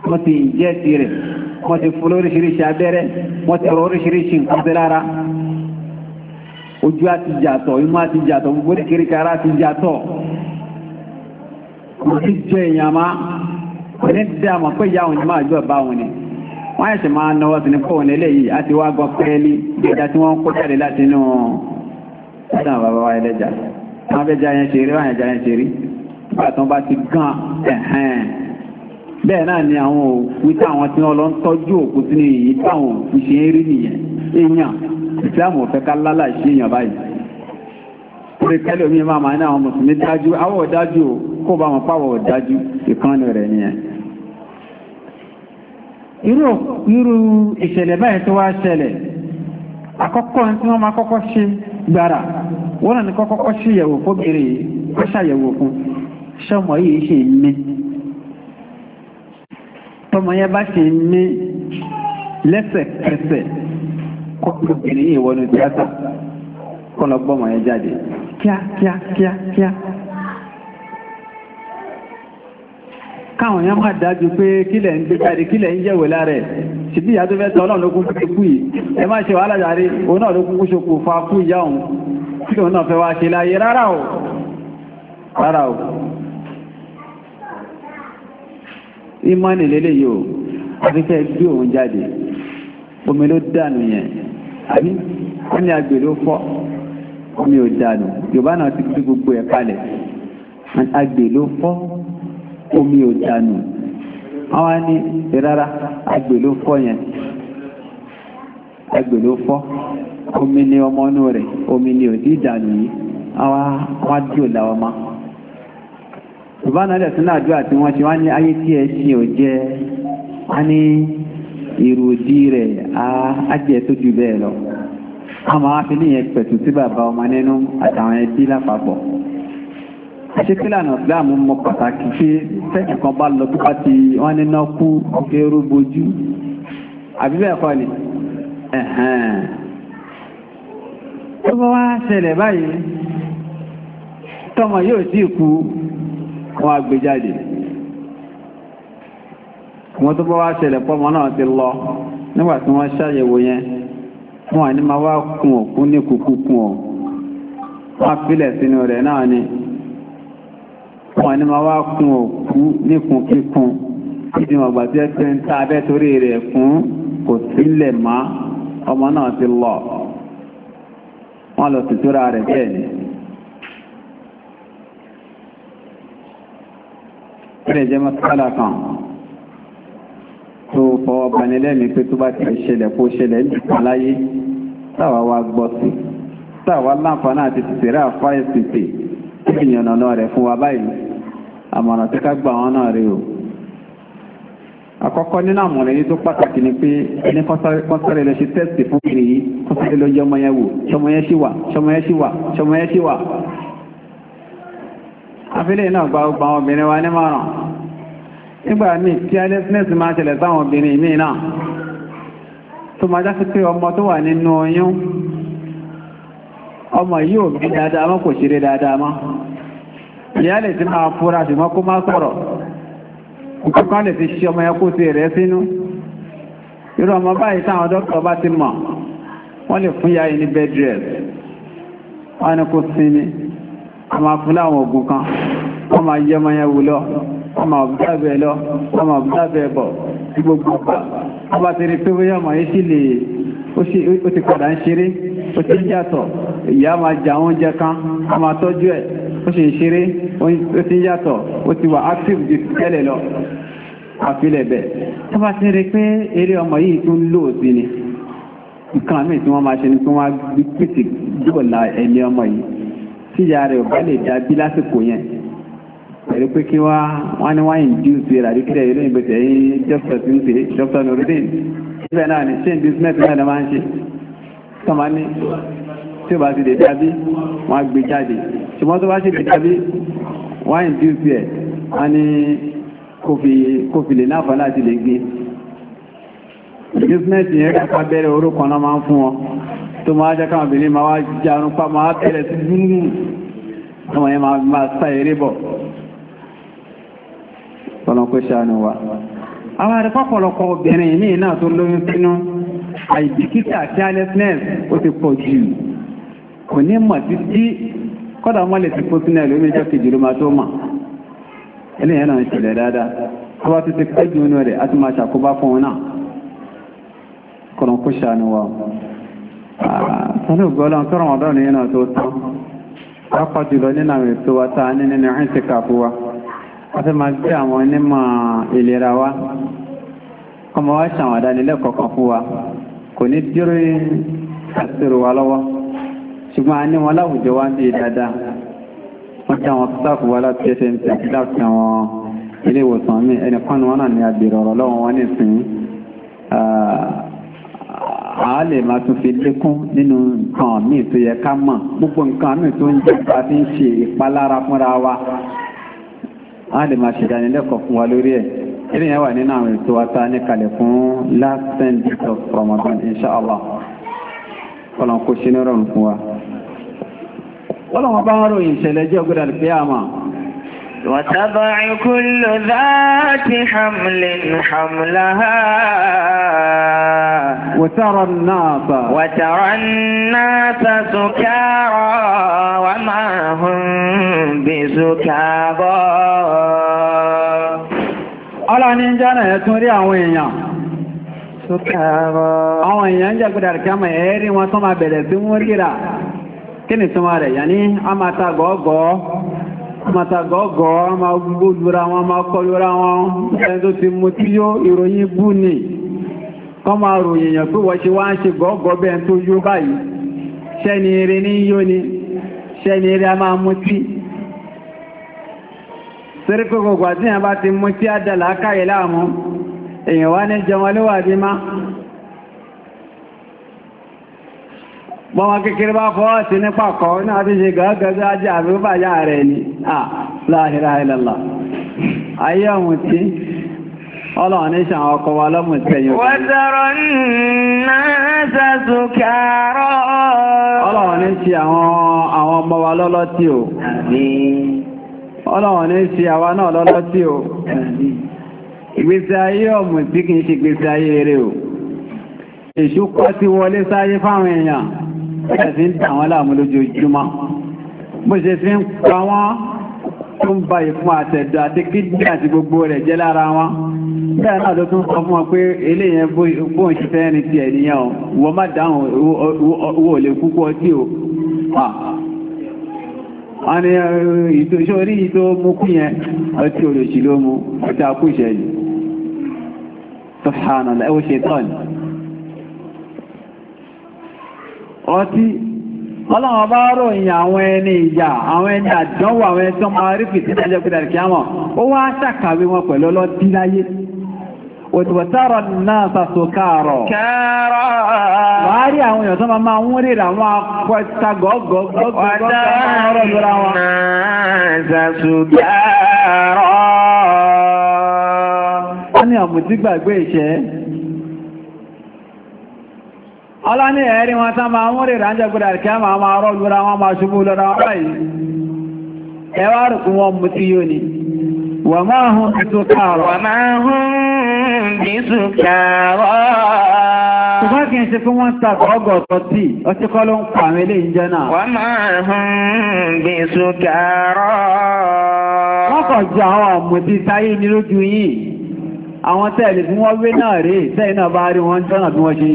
wọ́n ti ìjẹ́ ti rẹ̀ wọ́n ti fún lóríṣiríṣi abẹ́rẹ́ wọ́n ti rọ oríṣiríṣi nǹkan sí lára ojú àti jàtọ̀ imú àti jàtọ̀ gbogbo kò ní dé àmọ́ pé ìyá òun ni máa jọ bá òun ni wọ́n yẹ̀ sì máa náwó sí ní fóun eléyìí àti wá gan pẹ́ẹ́lí bí ẹja tí wọ́n kó jáde láti inú ọ̀sán bàbá wa ẹlẹ́jà wọ́n fẹ́ já yẹn ṣeré wọ́n yẹn já yẹn ṣeré nígbà tí wọ́n bá ti gan ẹ̀hẹ́n bẹ́ẹ̀ náà ni àwọn òkú táwọn tí wọ́n lọ ń tọ́jú òkú sí ni èyí táwọn òkú ṣe ń rí nìyẹn èèyàn ìsìlámù ò fẹ́ ká lálà sí èèyàn báyìí orí kẹ́lẹ́ omi máa máa ní àwọn mùsùlùmí dájú àwọn ọ̀dájú kó bá wọn pàwọ̀ ọ̀dájú ìkànnì rẹ̀ nìyẹn irú irú ìṣẹ̀lẹ̀ báyìí tó wá ṣẹlẹ̀ àkọ́kọ́ tí wọ́n máa kọ́kọ́ ṣe gbára wọ́n ni kọ́kọ́kọ́ ṣe ìyẹ̀wò fún bèrè kọ́ fún ṣọ́mọ yìí ṣe mí tọmọ yẹn bá ṣe mí lẹ́sẹ̀kẹsẹ̀ kọ́kọ́ káwọn yẹn máa dájú pé kílẹ̀ ń gbé jáde kílẹ̀ ń yẹ̀wò lára ẹ̀ ṣìbí ìyá tó fẹ́ tọ́ ọlọ́run lókun kú kú yìí ẹ má ṣe wàhálà jáde òun náà lókun kú ṣokò fa kú ìyá òun kí òun náà fẹ́ wá ṣe láyé rárá o rárá lélẹ̀ yìí o gbé òun jáde omi ló dànù yẹn àbí wọ́n ní agbè ló fọ́ omi ò dànù Yorùbá náà ti gbé gbogbo ẹ̀ kalẹ̀ agbè ló fọ́ omi ò dànù àwọn ní ìrara agbè ló yẹn omi ni ọmọ inú omi ni ò dídànù yìí àwọn wá dìò làwọn máa ìbánadẹ̀ tún náà dúà tí wọ́n ṣe wá ní ayé tí ẹ ṣe ò jẹ́ a ní ìròdí rẹ̀ ajẹ́ tó jù bẹ́ẹ̀ lọ a máa bàbá ọmọ nínú àtàwọn ẹbí ṣé kílànà ìsìláàmù mọ pàtàkì ṣe tẹ́kì kan bá lọ pípa ti wọ́n níná kú kéérú bojú àbí bẹ́ẹ̀ kọ́ ni tó bá wá ṣẹlẹ̀ báyìí tọmọ yóò sí ikú wọn àgbéjáde wọn tó bá wá ṣẹlẹ̀ pọ́mọ náà ti lọ nígbà tí wọ́n ṣàyẹ̀wò yẹn wọn àní máa wá kun òkú ní kúkú kun ọ̀ wọn á sínú rẹ̀ náà ni wọn ni máa wá kun òkú níkun kíkun ìdí wọn gbà tí ẹ pé ń ta abẹ́ torí rẹ̀ fún kò sílẹ̀ mọ́ ọmọ náà ti lọ wọn lọ tìtúra rẹ̀ bẹ́ẹ̀ ni. bẹ́ẹ̀ jẹ́ mọ́sálà kan tó fọwọ́ banilẹ́mi pé tó bá ti ṣẹlẹ̀ kó ṣẹlẹ̀ nìkan láyé táwa wá gbọ́ sí táwa láǹfààní àti tìtìrẹ́ àfáìsìtì ìyànnà rẹ̀ fún wa báyìí àmọ̀ràn tí ká gbà wọn náà rí o àkọ́kọ́ nínú àmọ̀ràn yìí tó pàtàkì ni pé ẹni kọ́sọ́rẹ́ lọ ṣe tẹ́sì fún kiri yìí kọ́sọ́rẹ́ lọ yẹ ọmọ yẹn wò ṣọmọ yẹn ṣì wà ṣọmọ yẹn ṣì wà ṣọmọ yẹn ṣì wà. afẹ́lẹ́ náà gba ọgbà àwọn obìnrin wa nímọ̀ràn nígbà míì tí alẹ́sínẹ́s máa ṣẹlẹ̀ sáwọn obìnrin míì náà tó máa jásí pé ọmọ tó wà nínú oyún ọmọ yìí ò ìyá lè ti máa fúra ṣùgbọ́n kó má sọ̀rọ̀ ìkọ̀kan lè ti ṣe ọmọ ẹkú ti rẹ̀ sínú irú ọmọ báyìí táwọn dókítà bá ti mọ̀ wọ́n lè fún ya ní bedrest wọ́n ní kó sinmi a máa fún láwọn ògùn kan wọ́n máa yẹ ọmọ yẹn wù lọ wọ́n máa dábẹ̀ lọ wọ́n máa dábẹ̀ bọ̀ sí gbogbo ọgbà wọ́n bá ti rí pé bóyá ọmọ yìí sì lè ó ti padà ń ṣeré ó ti ń yàtọ̀ ìyá máa jà oúnjẹ kan wọ́n máa tọ́jú ẹ̀ ó ṣe ń ṣeré ó ti ń yàtọ̀ ó ti wà active ju tẹ́lẹ̀ lọ àfilẹ̀ bẹ̀ tó bá ti rí pé eré ọmọ yìí tún lò sí ni nǹkan míì tí wọ́n máa ṣe ni kí wọ́n pèsè dóòlà ẹ̀mí ọmọ yìí tíya rẹ̀ ò bá lè dá bí lásìkò yẹn pẹ̀lú pé kí wá wọ́n ní wọ́n induce rẹ̀ àdíkílẹ̀ ìlú ìgbésẹ̀ yìí dókítà tí ń pè dókítà náà ni ṣé inducement náà ló máa ń ṣe tọ́mọ ní tí ó bá ti lè dábí wọ́n á gbé jáde ṣùgbọ́n tó bá ṣe lè dábí wọ́n á ìdíwìsì ẹ̀ wọ́n ní kò fi lè náà láti lè gbé bísínẹ́sì yẹn kápá bẹ̀rẹ̀ orúkọ náà máa ń fún wọn tó máa jẹ́ káwọn obìnrin máa wá jarun pa máa bẹ̀rẹ̀ sí dúnú àwọn yẹn máa sá eré bọ̀ tọ́lọ́ ṣàánú wa àwọn àrífọ́ pọ̀lọpọ̀ obìnrin ní ìná tó lóyún sínú àìbìkítà carelessness ó ti pọ̀ jù kò ní mọ̀ títí kọ́dà wọ́n lè ti kó sínú ẹ̀lú méjọ́ kejì máa tó mọ̀ eléyìí náà ṣẹlẹ̀ dáadáa tó bá ti ti inú rẹ̀ á ti máa ṣàkóbá fún un náà kọ̀rọ̀ kó ṣàánú wa sanu ń ọ̀dọ́ nìyẹn náà tó tán jùlọ nínú àwọn ètò wa tá a ní nínú ti wa a fi máa gbé àwọn onímọ̀ ìlera wa kọ́mọ ṣùgbọ́n a ní wọn láwùjọ wá ń bí dáadáa wọ́n tí àwọn sáàfù wá láti ṣe ń tẹ̀sí láti àwọn ilé ìwòsàn mi ẹni kọ́nu wọn náà ní agbèrè ọ̀rọ̀ lọ́wọ́ wọn ní ìsìn àá lè máa tún fi lékún nínú nǹkan míì tó yẹ ká mọ̀ gbogbo nǹkan míì tó ń jẹ́ ká fi ń ṣe ìpalára fúnra wa a lè máa ṣèdánilẹ́kọ̀ọ́ fún wa lórí ẹ̀ ilé yẹn wà nínú àwọn ètò wa tá a ní kalẹ̀ fún last ten days of Ramadan inshallah kọ́lọ́n kó ṣe ní rọrùn fún wa. ولو بارو ينسل جوقر القيامة وتضع كل ذات حمل حملها وترى الناس وترى الناس سكارى وما هم بسكارى ألا نينجانا يتوري أوينيا سكارى أوينيا نجا قدر كما إيري وطمع بلد دمور kí tụmarị ya rẹ̀ a ta gọọ a máa ta a lura wọn a máa kọ́ lura wọn ẹni tó ti mú tí yó ìròyìn bú ni kọ́ máa pé wọ́n ṣe wá ń ṣe bẹ́ẹ̀ tó yóò báyìí ṣẹ́ni eré ní ni ṣẹ́ni eré a máa mú tí torí pé gbogbo àti bá ti mú tí á dà láàmú èèyàn wá ní jẹun ọlọ́wà bọ́wọ́ kékeré bá fọ́ sí ní pàkọ́ náà ti ṣe gọ́gọ́gọ́ ajé àbúbàjá rẹ̀ ni láàrínláàrínlá ayé ọmọ tí ọlọ́wọ́ ní ṣe àwọn ọkọ̀ wa lọ́mù tẹ̀yìn wọ́dọ̀rọ̀ náà sàtùkàrọ̀ ọlọ́wọ́ ní ṣe àwọn ọmọ ti wọlé sáyé fáwọn èèyàn bẹ́ẹ̀ sí ń tà wọ́n láàmú lójoojúmọ́ bó ṣe fi ń pa wọ́n tó ń ba ìfún àtẹ̀dọ̀ àti kídìí àti gbogbo rẹ̀ jẹ́ lára wọn bẹ́ẹ̀ náà ló tún sọ fún wọn pé eléyẹn bó ń ṣiṣẹ́ ní tiẹ̀ nìyẹn o wọ́n má dáhùn owó ò lè kúkú ọtí o wọ́n ní ìṣòrí yìí tó mú kú yẹn ọtí olóṣì ló mú ọtí akú ìṣẹ́yìn subhanallah ẹ̀wọ̀n ṣe tọ́ni. ọ ọlọ́wọ́n bá ròyìn àwọn ẹni ìyà àwọn ẹni àdánwò àwọn ẹni tó máa rí fìtí ẹjọ́ pẹ̀lú àríkíámọ̀ ó wá sàkàwé wọn pẹ̀lú ọlọ́dí láyé náà ọlá ní ẹ̀rí wọn tán máa múrì ránjẹ́ gbọ́dà kí a máa máa rọ́ lúra wọn máa ṣubú lọ́ra wọn báyìí rùkú wọn mú tí yóò ní wà máa hún bí súnkàrọ̀ wà máa hún bí súnkàrọ̀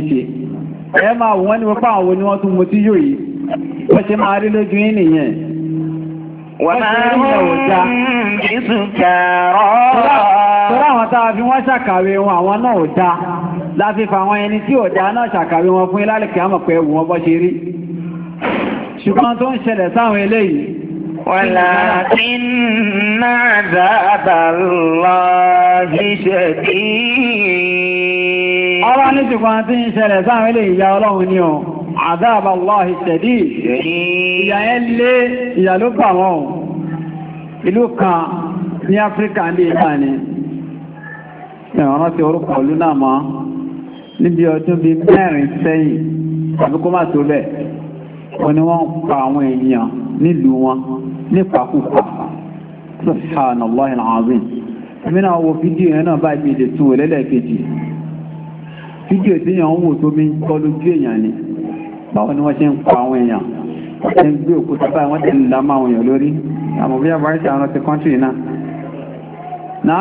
àwọn ẹ máa wọ́n ní wọ́pá àwọn ni wọ́n tún mú tí yóò yìí wọ́n ṣe máa rí lójú yìí nìyẹn wọ́n máa ń wọ́n ní sùkàrọ̀ tọ́rọ àwọn tàà fi wọ́n ṣàkàwé wọn àwọn náà ò dá láti fa àwọn ẹni tí ò dá náà ṣàkàwé wọn fún ilálẹ̀kẹ́ àmọ̀ pé ẹwù wọn bọ́ ṣe rí ṣùgbọ́n tó ń ṣẹlẹ̀ sáwọn eléyìí ولكن عذاب الله شديد ní ṣùgbọ́n tí ń ṣẹlẹ̀ sáàrin lè ìyá ọlọ́run ní ọ̀n àdáàbà Allahi ṣẹ̀dí ìyà ẹ́ lé ìyà ló bà wọ́n ìlú kan ní Áfíríkà ní ìgbà ni ẹ̀wọ̀n ti orúkọ ìlú náà mọ́ níbi ọdún bí mẹ́rin sẹ́yìn tàbí kó má tó bẹ̀ wọ́n ni wọ́n pa àwọn èèyàn nílùú wọn nípakúpa subhanallahi alazim náà wo fídíò yẹn náà fídíò tí èèyàn ń wò tó mi ń kọ́ lójú èèyàn ni báwo ni wọ́n ṣe ń pa àwọn èèyàn wọ́n ṣe ń gbé òkúta báyìí wọ́n ti ń la máa wọ̀nyàn lórí àmọ́ bí àbárí ṣe àwọn ti kọ́ńtì náà náà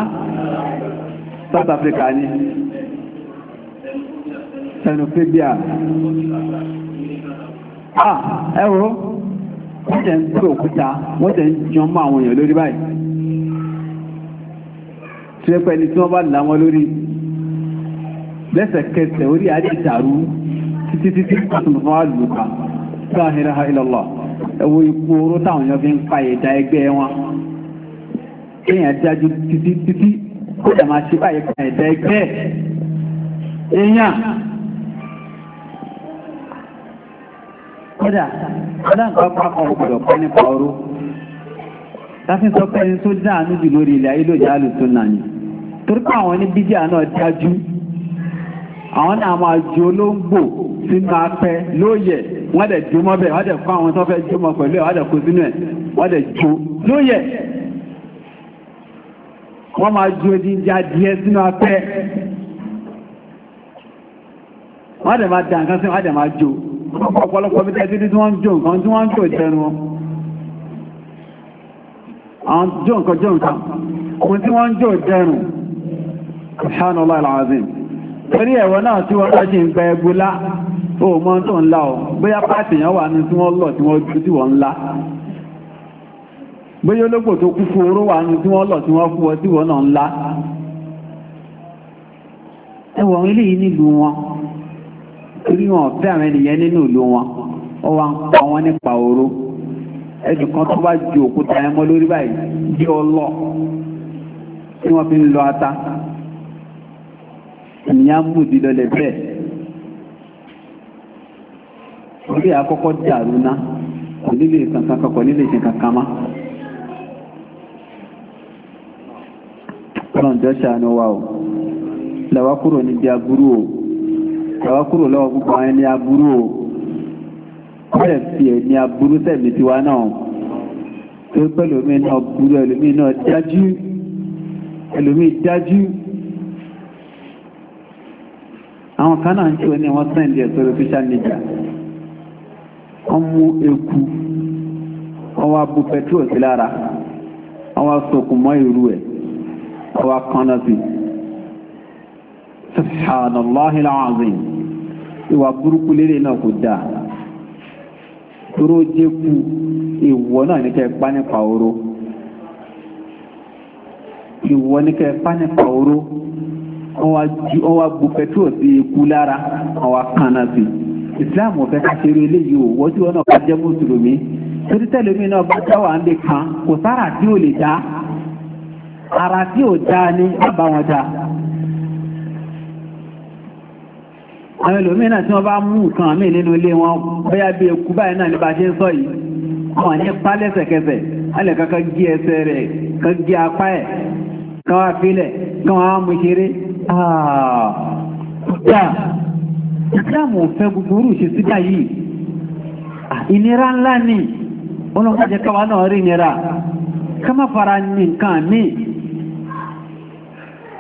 South Africa ni xenophobia ah ẹ̀rọ wọ́n tẹ̀ ń gbé òkúta wọ́n tẹ̀ ń jọun mọ́ àwọn èèyàn lórí báyìí tí ó pẹ́ ni tí wọ́n bá là wọn lórí lẹ́sẹ̀kẹsẹ̀ orí adé ìdàrú títí títí pàtàkùn àlùkà láàrínláà ilọ̀lọ̀ ẹwọ ikú oró táwọn èèyàn fi ń pa ẹ̀dá ẹgbẹ́ wọn èèyàn dájú títí títí titi dà máa ṣe báyìí pa ẹ̀dá ẹgbẹ́ èèyàn kódà aláǹkápá kan gbọdọ̀ nípa oró láti sọ pé ẹni tó dáa ni àwọn náà máa ju olóńgbò sínú apẹ lóòyẹ wọ́n dẹ̀ jó mọ́bẹ̀ wọ́n dẹ̀ kó àwọn tó fẹ́ jó mọ́ pẹ̀lú ẹ̀ wọ́n dẹ̀ kó sínú ẹ̀ wọ́n dẹ̀ jó lóòyẹ wọ́n máa ju odindi adìẹ sínú apẹ wọ́n dẹ̀ máa dà nǹkan sí wọ́n dẹ̀ máa jó ọ̀pọ̀lọpọ̀ bí tẹ́jú tí wọ́n ń jó nǹkan tí wọ́n ń jó ìtẹnu wọn àwọn jó nǹkan jó nǹkan ohun tí wọ́n ń jó ìtẹnu subhanallah alazim torí ẹ̀wọ̀n náà tí wọ́n tọ́jú ń gba ẹgbó lá ó mọ́ tó ń lá ọ bóyá pàtì yẹn wà ní tí wọ́n lọ tí wọ́n ju tí wọ́n ń lá bóyá ológbò tó kú fún oró wà ní tí wọ́n lọ tí wọ́n fún ọ tí wọ́n náà ń lá ẹwọ̀n ilé yìí nílùú wọn torí wọn ọ̀fẹ́ àwọn ènìyàn nínú ìlú wọn ó wá ń pa wọn nípa oró ẹ̀dùn kan tó bá ju òkúta ẹmọ lórí báyìí jẹ́ ọlọ́ tí wọ́n fi ń lọ ata ènìyàn mú ìdílọ́lẹ̀ bẹ́ẹ̀ orí àkọ́kọ́ dàrú ná kò nílé kankan kọkọ̀ nílé ṣe kankan má ọlọ́njọ́ ṣàánú wa o làwa kúrò níbi aburú o làwa kúrò lọ́wọ́ gbogbo àwọn ẹni aburú o ọ̀rẹ́ fi ẹni aburú sẹ́mi tiwa náà tó pẹ́ lómi náà burú ẹlòmí náà dájú ẹlòmí dájú àwọn kan náà ń tó ní wọ́n sẹ́ndì ẹ̀sọ́rọ̀ social media wọ́n mú eku wọ́n wá bu petrol sí lára wọ́n wá sokùn mọ́ ìrú ẹ̀ wọ́n wá kánná sí subhanallahi alazim ìwà burúkú lélẹ̀ náà kò dáa dúró jẹ́kù ìwọ náà ní kẹ́ oró ìwọ ní kẹ́ oró wọ́n wá bu pẹ̀tró sí ikú lára wọ́n wá kànáà sí islam ọ̀fẹ́ ká ṣeré eléyìí o wọ́n tí wọ́n náà bá jẹ́ mùsùlùmí torí tẹ́lẹ̀mí náà bá dáwà ń lè kan kò sára tí ò lè dá ara tí ò dá ní bàbá wọn dá àwọn ẹlòmíín náà tí wọ́n bá mú nǹkan míì nínú ilé wọn bóyá bí eku báyìí náà ní bá ṣe ń sọ yìí wọn ní pa lẹ́sẹ̀kẹsẹ̀ alẹ́ kankan gé ẹsẹ̀ rẹ̀ kan gé apá ẹ̀ kan filẹ̀ kan mú ṣeré àà ah, ìsìláàmù òfẹ́ gbogbo orú ṣe sí báyìí ah, ìnira ńlá ni ọlọ́pàá káwa náà rí nira ká má fara ní nǹkan ní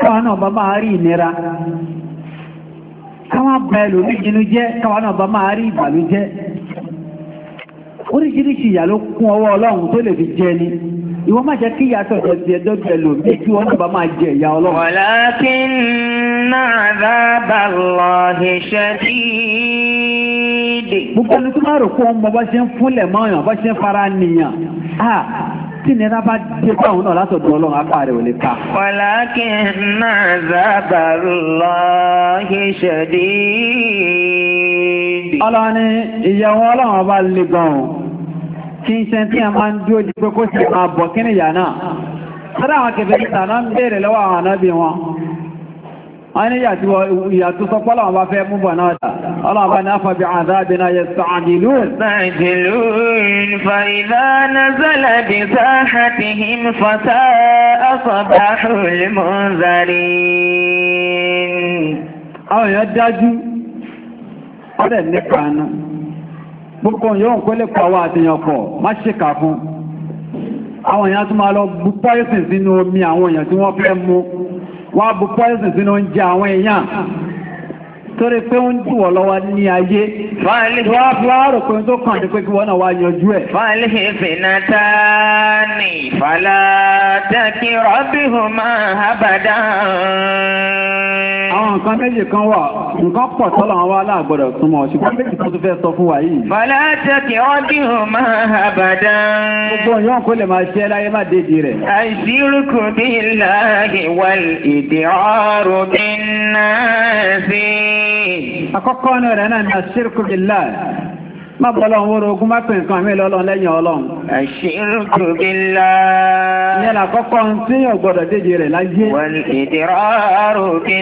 káwa náà bá máa rí ìnira káwa bá ẹlòmí jinú jẹ́ káwa náà bá máa rí ìbàlújẹ́ oríṣiríṣi ìyà ló kún ọwọ́ ọlọ́run tó lè fi jẹ ni ìwọ má jẹ́ kí yàtọ̀ ẹ̀sì ẹ̀dọ́gbẹ̀ lò bí kí wọ́n náà máa jẹ ìyà ọlọ́run. walakinna azaballahi shadid. gbogbo ẹni bá ṣe náà látọ̀dọ̀ ọlọ́run apá rẹ̀ ò lè ká. walakinna azaballahi shadid. ọlọ́ni ìyẹ̀wò ọlọ́run ọba le gan-an kí n ṣe tí a máa ń dúó di pé kó sì máa bọ̀ kí ni ìyà náà sára àwọn kẹfẹ́ ìta náà ń béèrè lọ́wọ́ àwọn ànábì wọn wọ́n ní ìyà tó sọ bá fẹ́ múbọ̀ náà àwọn èèyàn dájú ọ̀rẹ́ nípa náà gbogbo yóò ń kọ́lé pọ̀ àwọn àtìyàn pọ̀ má ṣe kà fún àwọn èèyàn tó máa lọ bu poison sínú omi àwọn èèyàn tí wọ́n fẹ́ mú wọ́n bu poison sínú oúnjẹ àwọn èèyàn torí pé ń dùn ọ lọ́wọ́ ní ayé wọ́n fi wá rò pé tó kàn ní pé kí wọ́n náà wá yanjú ẹ̀. fàlẹ́ fìfìnà tá a gbogbo yóò kó lè máa ṣe láyé má dédi rẹ̀. àìsírùkù bíi láàyè wà ìdí ọ̀rùn bí náà sí àkọ́kọ́ ní rẹ̀ náà ní àṣírkù bílá má bọ́lọ̀ ń wóró ogún má pè nǹkan mi lọ́lọ́ lẹ́yìn ọlọ́run. àṣírkù bílá. ìyẹn là kọ́kọ́ ń tí yóò gbọ́dọ̀ déje rẹ̀ láyé. wọ́n ìdí rárò kí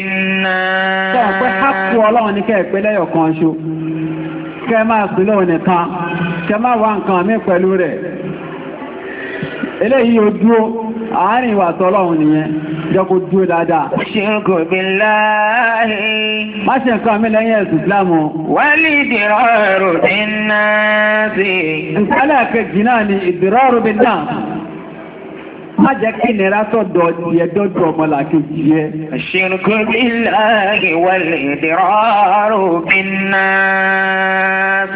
eléyìí ó dúró àárín ìwà tọ́lọ́run nìyẹn jẹ́ kó dúró dáadáa. ṣíkò bí láàáyé. má ṣe nǹkan mi lẹ́yìn ẹ̀sùn má jẹ́ kí nira sọ̀dọ̀ tiẹ̀ dọ́dọ̀ ọmọlàkejì yẹ. ṣìrìkù bíláàgì wọlé ìdírọ́rù bínà.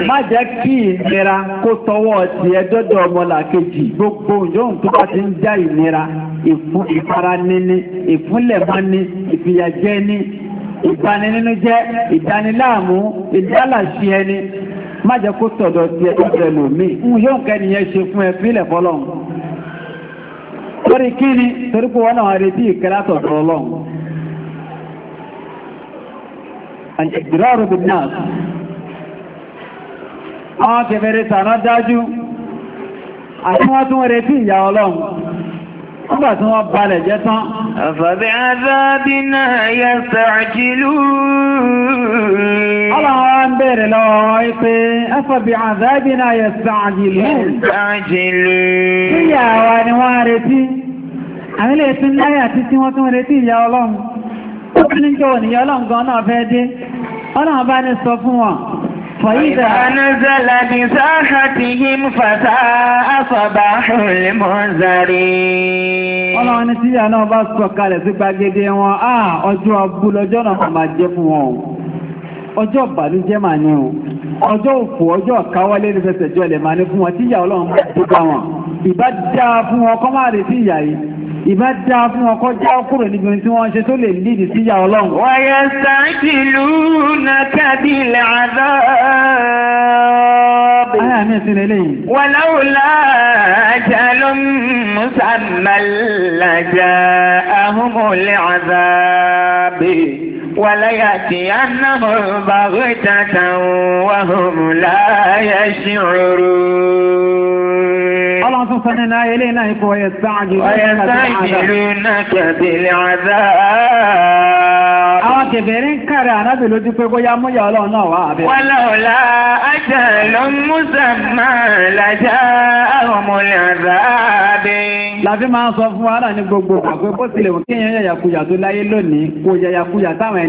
má jẹ́ kí ìnira kó tọwọ́ tiẹ̀ dọ́dọ̀ ọmọlàkejì gbogbo yóò tó bá ti ń já ìnira ìfaranini ìfúnlẹ̀mọ́ni ìfìyàjẹni ìbaninínújẹ́ ìdániláàmú ìdálàṣì ẹni má jẹ́ kó sọ̀dọ̀ tiẹ̀ dọ́dọ̀ ẹlòmíì ń yóò kẹ́ni yẹn ṣe fún ẹ fílẹ̀ fọlọ́run torí kí ni torí kó wọ́n náà retí ìkẹ́látọ̀ ọlọ́run ìdírọ̀rù bí náà àwọn kẹfẹ́rẹ́ tàná dájú àti wọ́n tún retí ìyà àfàbí azábínà yẹ́ sàájìlú béèrè lọ́wọ́ wípé afọ̀bí àzábìnà yẹ̀sàájìlú. Yẹ̀sàájìlú. Níyà wa ni wọ́n ń retí. Àmì lè tún láyà títí wọ́n tún retí ìyá ọlọ́run. Ó tún ní jọ̀wọ́ níyà ọlọ́run gan náà bá sọ fún sí gbàgede wọn, àà ah, ọjọ́ abúlọ́jọ́ náà máa jẹ́ fún wọn ọjọ́ ìbànújẹ́ mà ní o ọjọ́ òfò ọjọ́ ìkáwọ́lé ní fẹsẹ̀ jọlẹ̀ mà ní fún wọn tí ìyá ọlọ́run bá wọn ìbá dáa fún wọn kọ́ máa retí ìyá yìí ìbá dáa fún wọn já kúrò níbi tí wọ́n ṣe tó lè lídì sí ìyá ọlọ́run. wáyé sàkìlú na kábí làdá. ayé àmì ìsinmi eléyìí. wàláwùlá وليأتينهم بغتة وهم لا يشعرون الله سبحانه إلينا ويستعجلونك بالعذاب Àwọn kèbèrè ń kàrẹ ànábì lójú pé bóyá múyà ọlọ́run náà wà àbẹ́. Wọ́n lọ́la ajalu musamma lájá àwọn mọ̀lẹ̀ àzáàbẹ̀ láti máa ń sọ fún wa náà ní gbogbo àpé bó tilẹ̀ wọ́n kéèyàn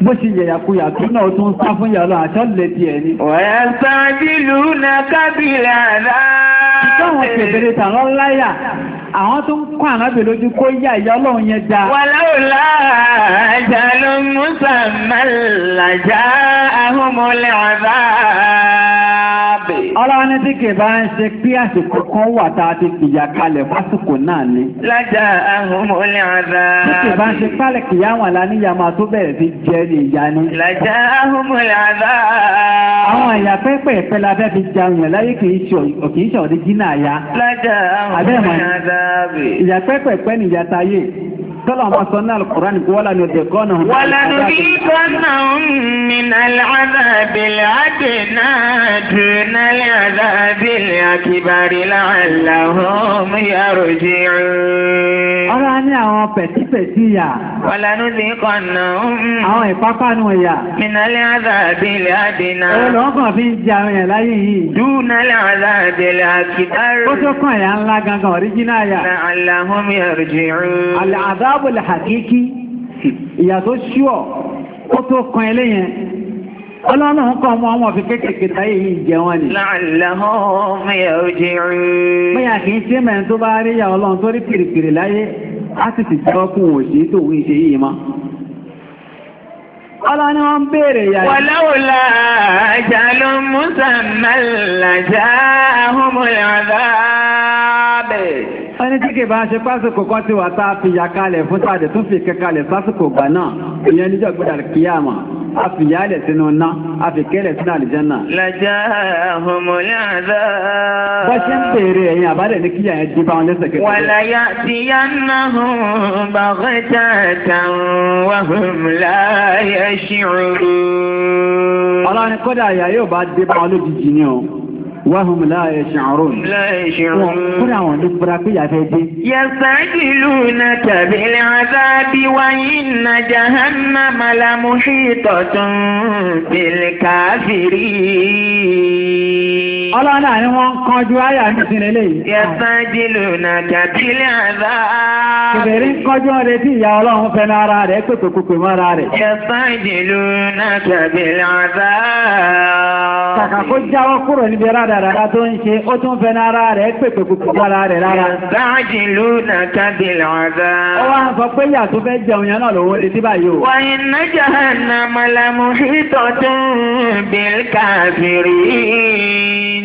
bó ṣe yẹ̀yàkuyà tó náà tún sá fún yàlọ́ àṣálẹ̀ tí ẹni. àwọn tó ń kọ́ ànábì lójú kó yá ìyá ọlọ́run yẹn dá. wà láòlá àjálù musa mẹ́lẹ̀ àjá ahùnmọ́lẹ̀ ọ̀dá. Ọlọ́run ní tí kì bá ń ṣe pí àsìkò kan wà tá a ti kìyà kalẹ̀ fásìkò náà ni. Lájà ahùnmọ́ ní àdá. Tí kì bá ń ṣe pálẹ̀ kìyà wọn la níyà máa tó bẹ̀rẹ̀ sí jẹ́ ní ìyá ni. Lájà ahùnmọ́ ní àdá. Àwọn ẹ̀yà pẹ́pẹ́ ìpẹ́ la fẹ́ fi ja òyìn láyé kì í ṣe òkì í ṣe ọ̀dí jìnnà ya. Lájà ahùnmọ́ ní àdá. Àbẹ́ tọ́lọ̀ ọmọ sọ náà kùránì kó wọ́lá ní ọdẹ kọ́nà ọmọ wọ́lá ní ìkọ́nà min al'adábìlẹ̀ àdènà dùnà al'adábìlẹ̀ àkìbàrí láàláhùn yàrò jẹ́ ọ̀rọ̀ ní àwọn pẹ̀típẹ̀tí yà wọ́lá ní ìkọ́nà àwọn ìpápánu yà min al'adábìlẹ̀ àdènà ọlọ́gbọ̀n fi ń jẹ àwọn yà láyé yìí dùnà al'adábìlẹ̀ àkìbàrí ó tó kàn àdáàbòlè hakiki ìyà tó ṣíwọ̀ ó tó kan eléyẹn ọlọ́nà ń kọ́ ọmọ ọmọ fi kékèké táyé yìí jẹ wọn ni. láàlẹ́họ́ mẹ́yà ó jẹ́ rí. mẹ́yà kì í ṣe mẹ́rin tó bá rí ìyá ọlọ́run tó rí pìrìpìrì láyé wọ́láwọ́lá àjálù musa mẹ́lẹ̀ lájà ahùnmọ̀lẹ́ ọ̀dá ẹni tí kìí bá ṣe pásìkò kan ti wà táa fi yàkalẹ̀ fún tàdé tún fi kẹkalẹ̀ pásìkò gbà náà ìyẹn níjọ́ gbọ́dà kíyàmà a fi yàálẹ̀ sínú ná a fi kẹ́lẹ̀ sínú àlìjánà. lajá ọmọlẹ́ àdá. wọ́n ṣe ń bèèrè ẹ̀yìn àbálẹ̀ ní kíyà yẹn jíba wọn lẹ́sẹ̀ kẹ́kẹ́. wàlá ti yá ná hùn bàgẹ́ tààtàn láyé ṣìrò. وهم لا يشعرون لا يشعرون قرآن دبرك يا فيدي يستعجلونك بالعذاب وإن جهنم لمحيطة بالكافرين ọlọ́nà ni wọ́n kan ju àyà ní ìsinilé yìí. yẹ̀fẹ́ jìlù náà kàbílẹ̀ àbá. kèbèrè ń kọjú ọ̀rẹ́ tí ìyá ọlọ́run fẹ́ nára rẹ̀ pèpè pèpè mọ́ra rẹ̀. yẹ̀fẹ́ jìlù náà kàbílẹ̀ àbá. kàkà kó jáwọ́ kúrò níbi rádaràdá tó ń ṣe ó tún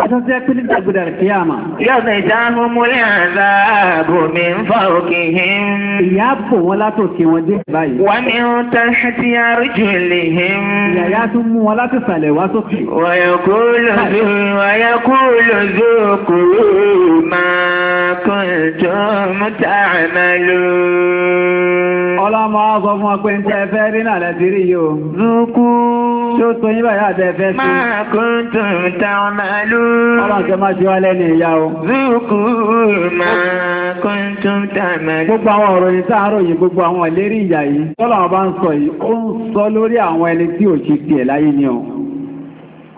Àtọ́sẹ́ pílì tàgbìdà kìyàmà. Yọ́bẹ̀ ìdáhùn múlẹ̀ àzáàbò mi ń fa òkè him. Ìyá bò wọn látòkè wọn dé báyìí. Wọ́n ní ó tán sí àrùjù lè him. Ìyá tún mú wọn láti sàlẹ̀ wá sókè. Wọ̀yẹ̀kú lòzó kúrò máa kún tó mú tààmà lò. Ọlọ́mọ ọgbọ́n fún ọpẹ́ ń tẹ́ fẹ́ rí náà lẹ́tìrí yìí o. Zúkú. Tó tó yín báyìí àtẹ́fẹ́ sí. Máa kún tó mú tààmà lò. Ọlọ́nkẹ máa ti wá lẹ́ni ìyá o. Zúkú máa kún tún tàmà. Gbogbo àwọn ọ̀rọ̀ yìí sáàrò yìí gbogbo àwọn ìlérí ìyà yìí. Tọ́lọ̀ ọba ń sọ yìí, ó ń sọ lórí àwọn ẹni tí ò ṣe tiẹ̀ láyé ni o.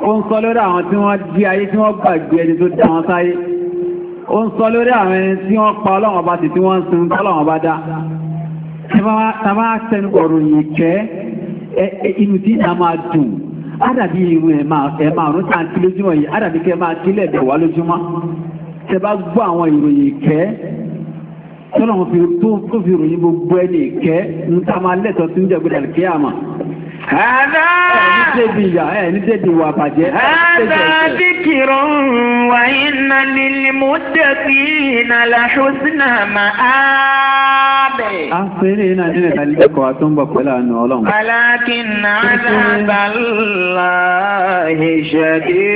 Ó ń wọ́n di ayé tí wọ́n gbàgbé ẹni tó dá wọn sáyé. Ó ń sọ lórí àwọn ẹni tí wọ́n pa ọlọ́run ọba sì tí wọ́n sun tọ́lọ́run ọba dá. Tàbá tẹnu kẹ́ inú tí ìyá máa dùn ádàbí irun ẹ̀ máa ẹ̀ máa rún tá à ń kí lójúmọ́ yìí ádàbí kẹ́ máa kí lẹ́ẹ̀dẹ̀ wá lójúmọ́ tẹ́ bá gbọ́ àwọn ìròyìn ìkẹ́ tọ́lọ́run tó fi ròyìn gbogbo ẹni ìkẹ́ ń ta máa lẹ́tọ̀ọ́ sí ń jẹ́ gbẹ́dàlì kíyàmà Hada ẹ̀ẹ́dẹ́bì ìyà ẹ̀ẹ́dẹ́bì ìwà bàjẹ́. Hada díkìrọ̀ wà iná lílì wa tó ń bọ̀ pẹ̀lú àánú ọlọ́run. Aláàkì náà dábàlá ìṣẹ̀dé.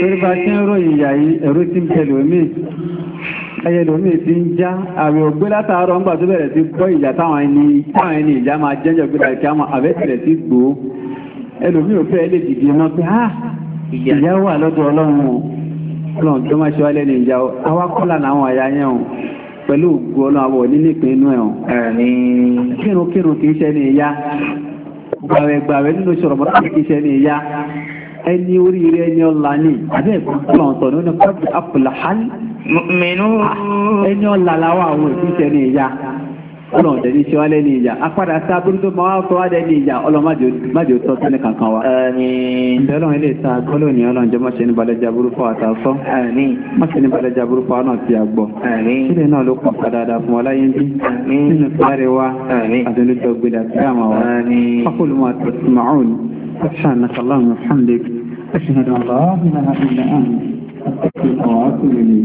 Torí bá ti ń ròyìn ìyà yìí, ẹ̀rú ti ń tẹ̀lé omi ẹyẹ lómi ti ń já àwẹ̀ ògbé látàárọ̀ ń gbà tó bẹ̀rẹ̀ sí gbọ́ ìjà táwọn ẹni táwọn ẹni ìjà máa jẹ́jọ́ gbé láti àmọ́ àwẹ̀ tẹ̀lẹ̀ sí gbòó ẹlòmí ò fẹ́ lè dìde mọ́ pé á ìyá wà lọ́dọ̀ ọlọ́run o ọlọ́run tó máa ṣe wá lẹ́nu ìyá àwa kọ́là làwọn àyà yẹn o pẹ̀lú ògùn ọlọ́run àwọ̀ nínú ìpín inú ẹ̀ o kírunkírun kì í ṣe ní ìyá gbàwẹ̀gbàwẹ̀ nínú ìṣòro mọ́tò kì í ṣe ní ìyá ẹni oríire ẹni ọ̀la ni àbẹ́ ìfọ̀n mìnú. Ah, ẹni ọ̀la làwọn àwọn ìfúnṣẹ́ ní ìyá ọlọ́run tẹ̀lé ṣe wá lẹ́ni ìyá apádà sí abúrú tó máa sọ wá lẹ́ni ìyá ọlọ́májò tọ́ sí ní kankan wa. ìbẹ̀rùn ilé ta gbọ́dọ̀ ní ọlọ́run jẹ́ mọ́ṣẹ́ ní balẹ̀jà burúkú àtàsọ́ mọ́ṣẹ́ ní balẹ̀jà burúkú àwọn ti àgbọ̀ sílẹ̀ náà ló pọ̀ padà fún wa láyé bí nínú sáré wa àdúndújọ gbéra sí àmà wa fakulu ma àti àwọn àtìlẹ́yìn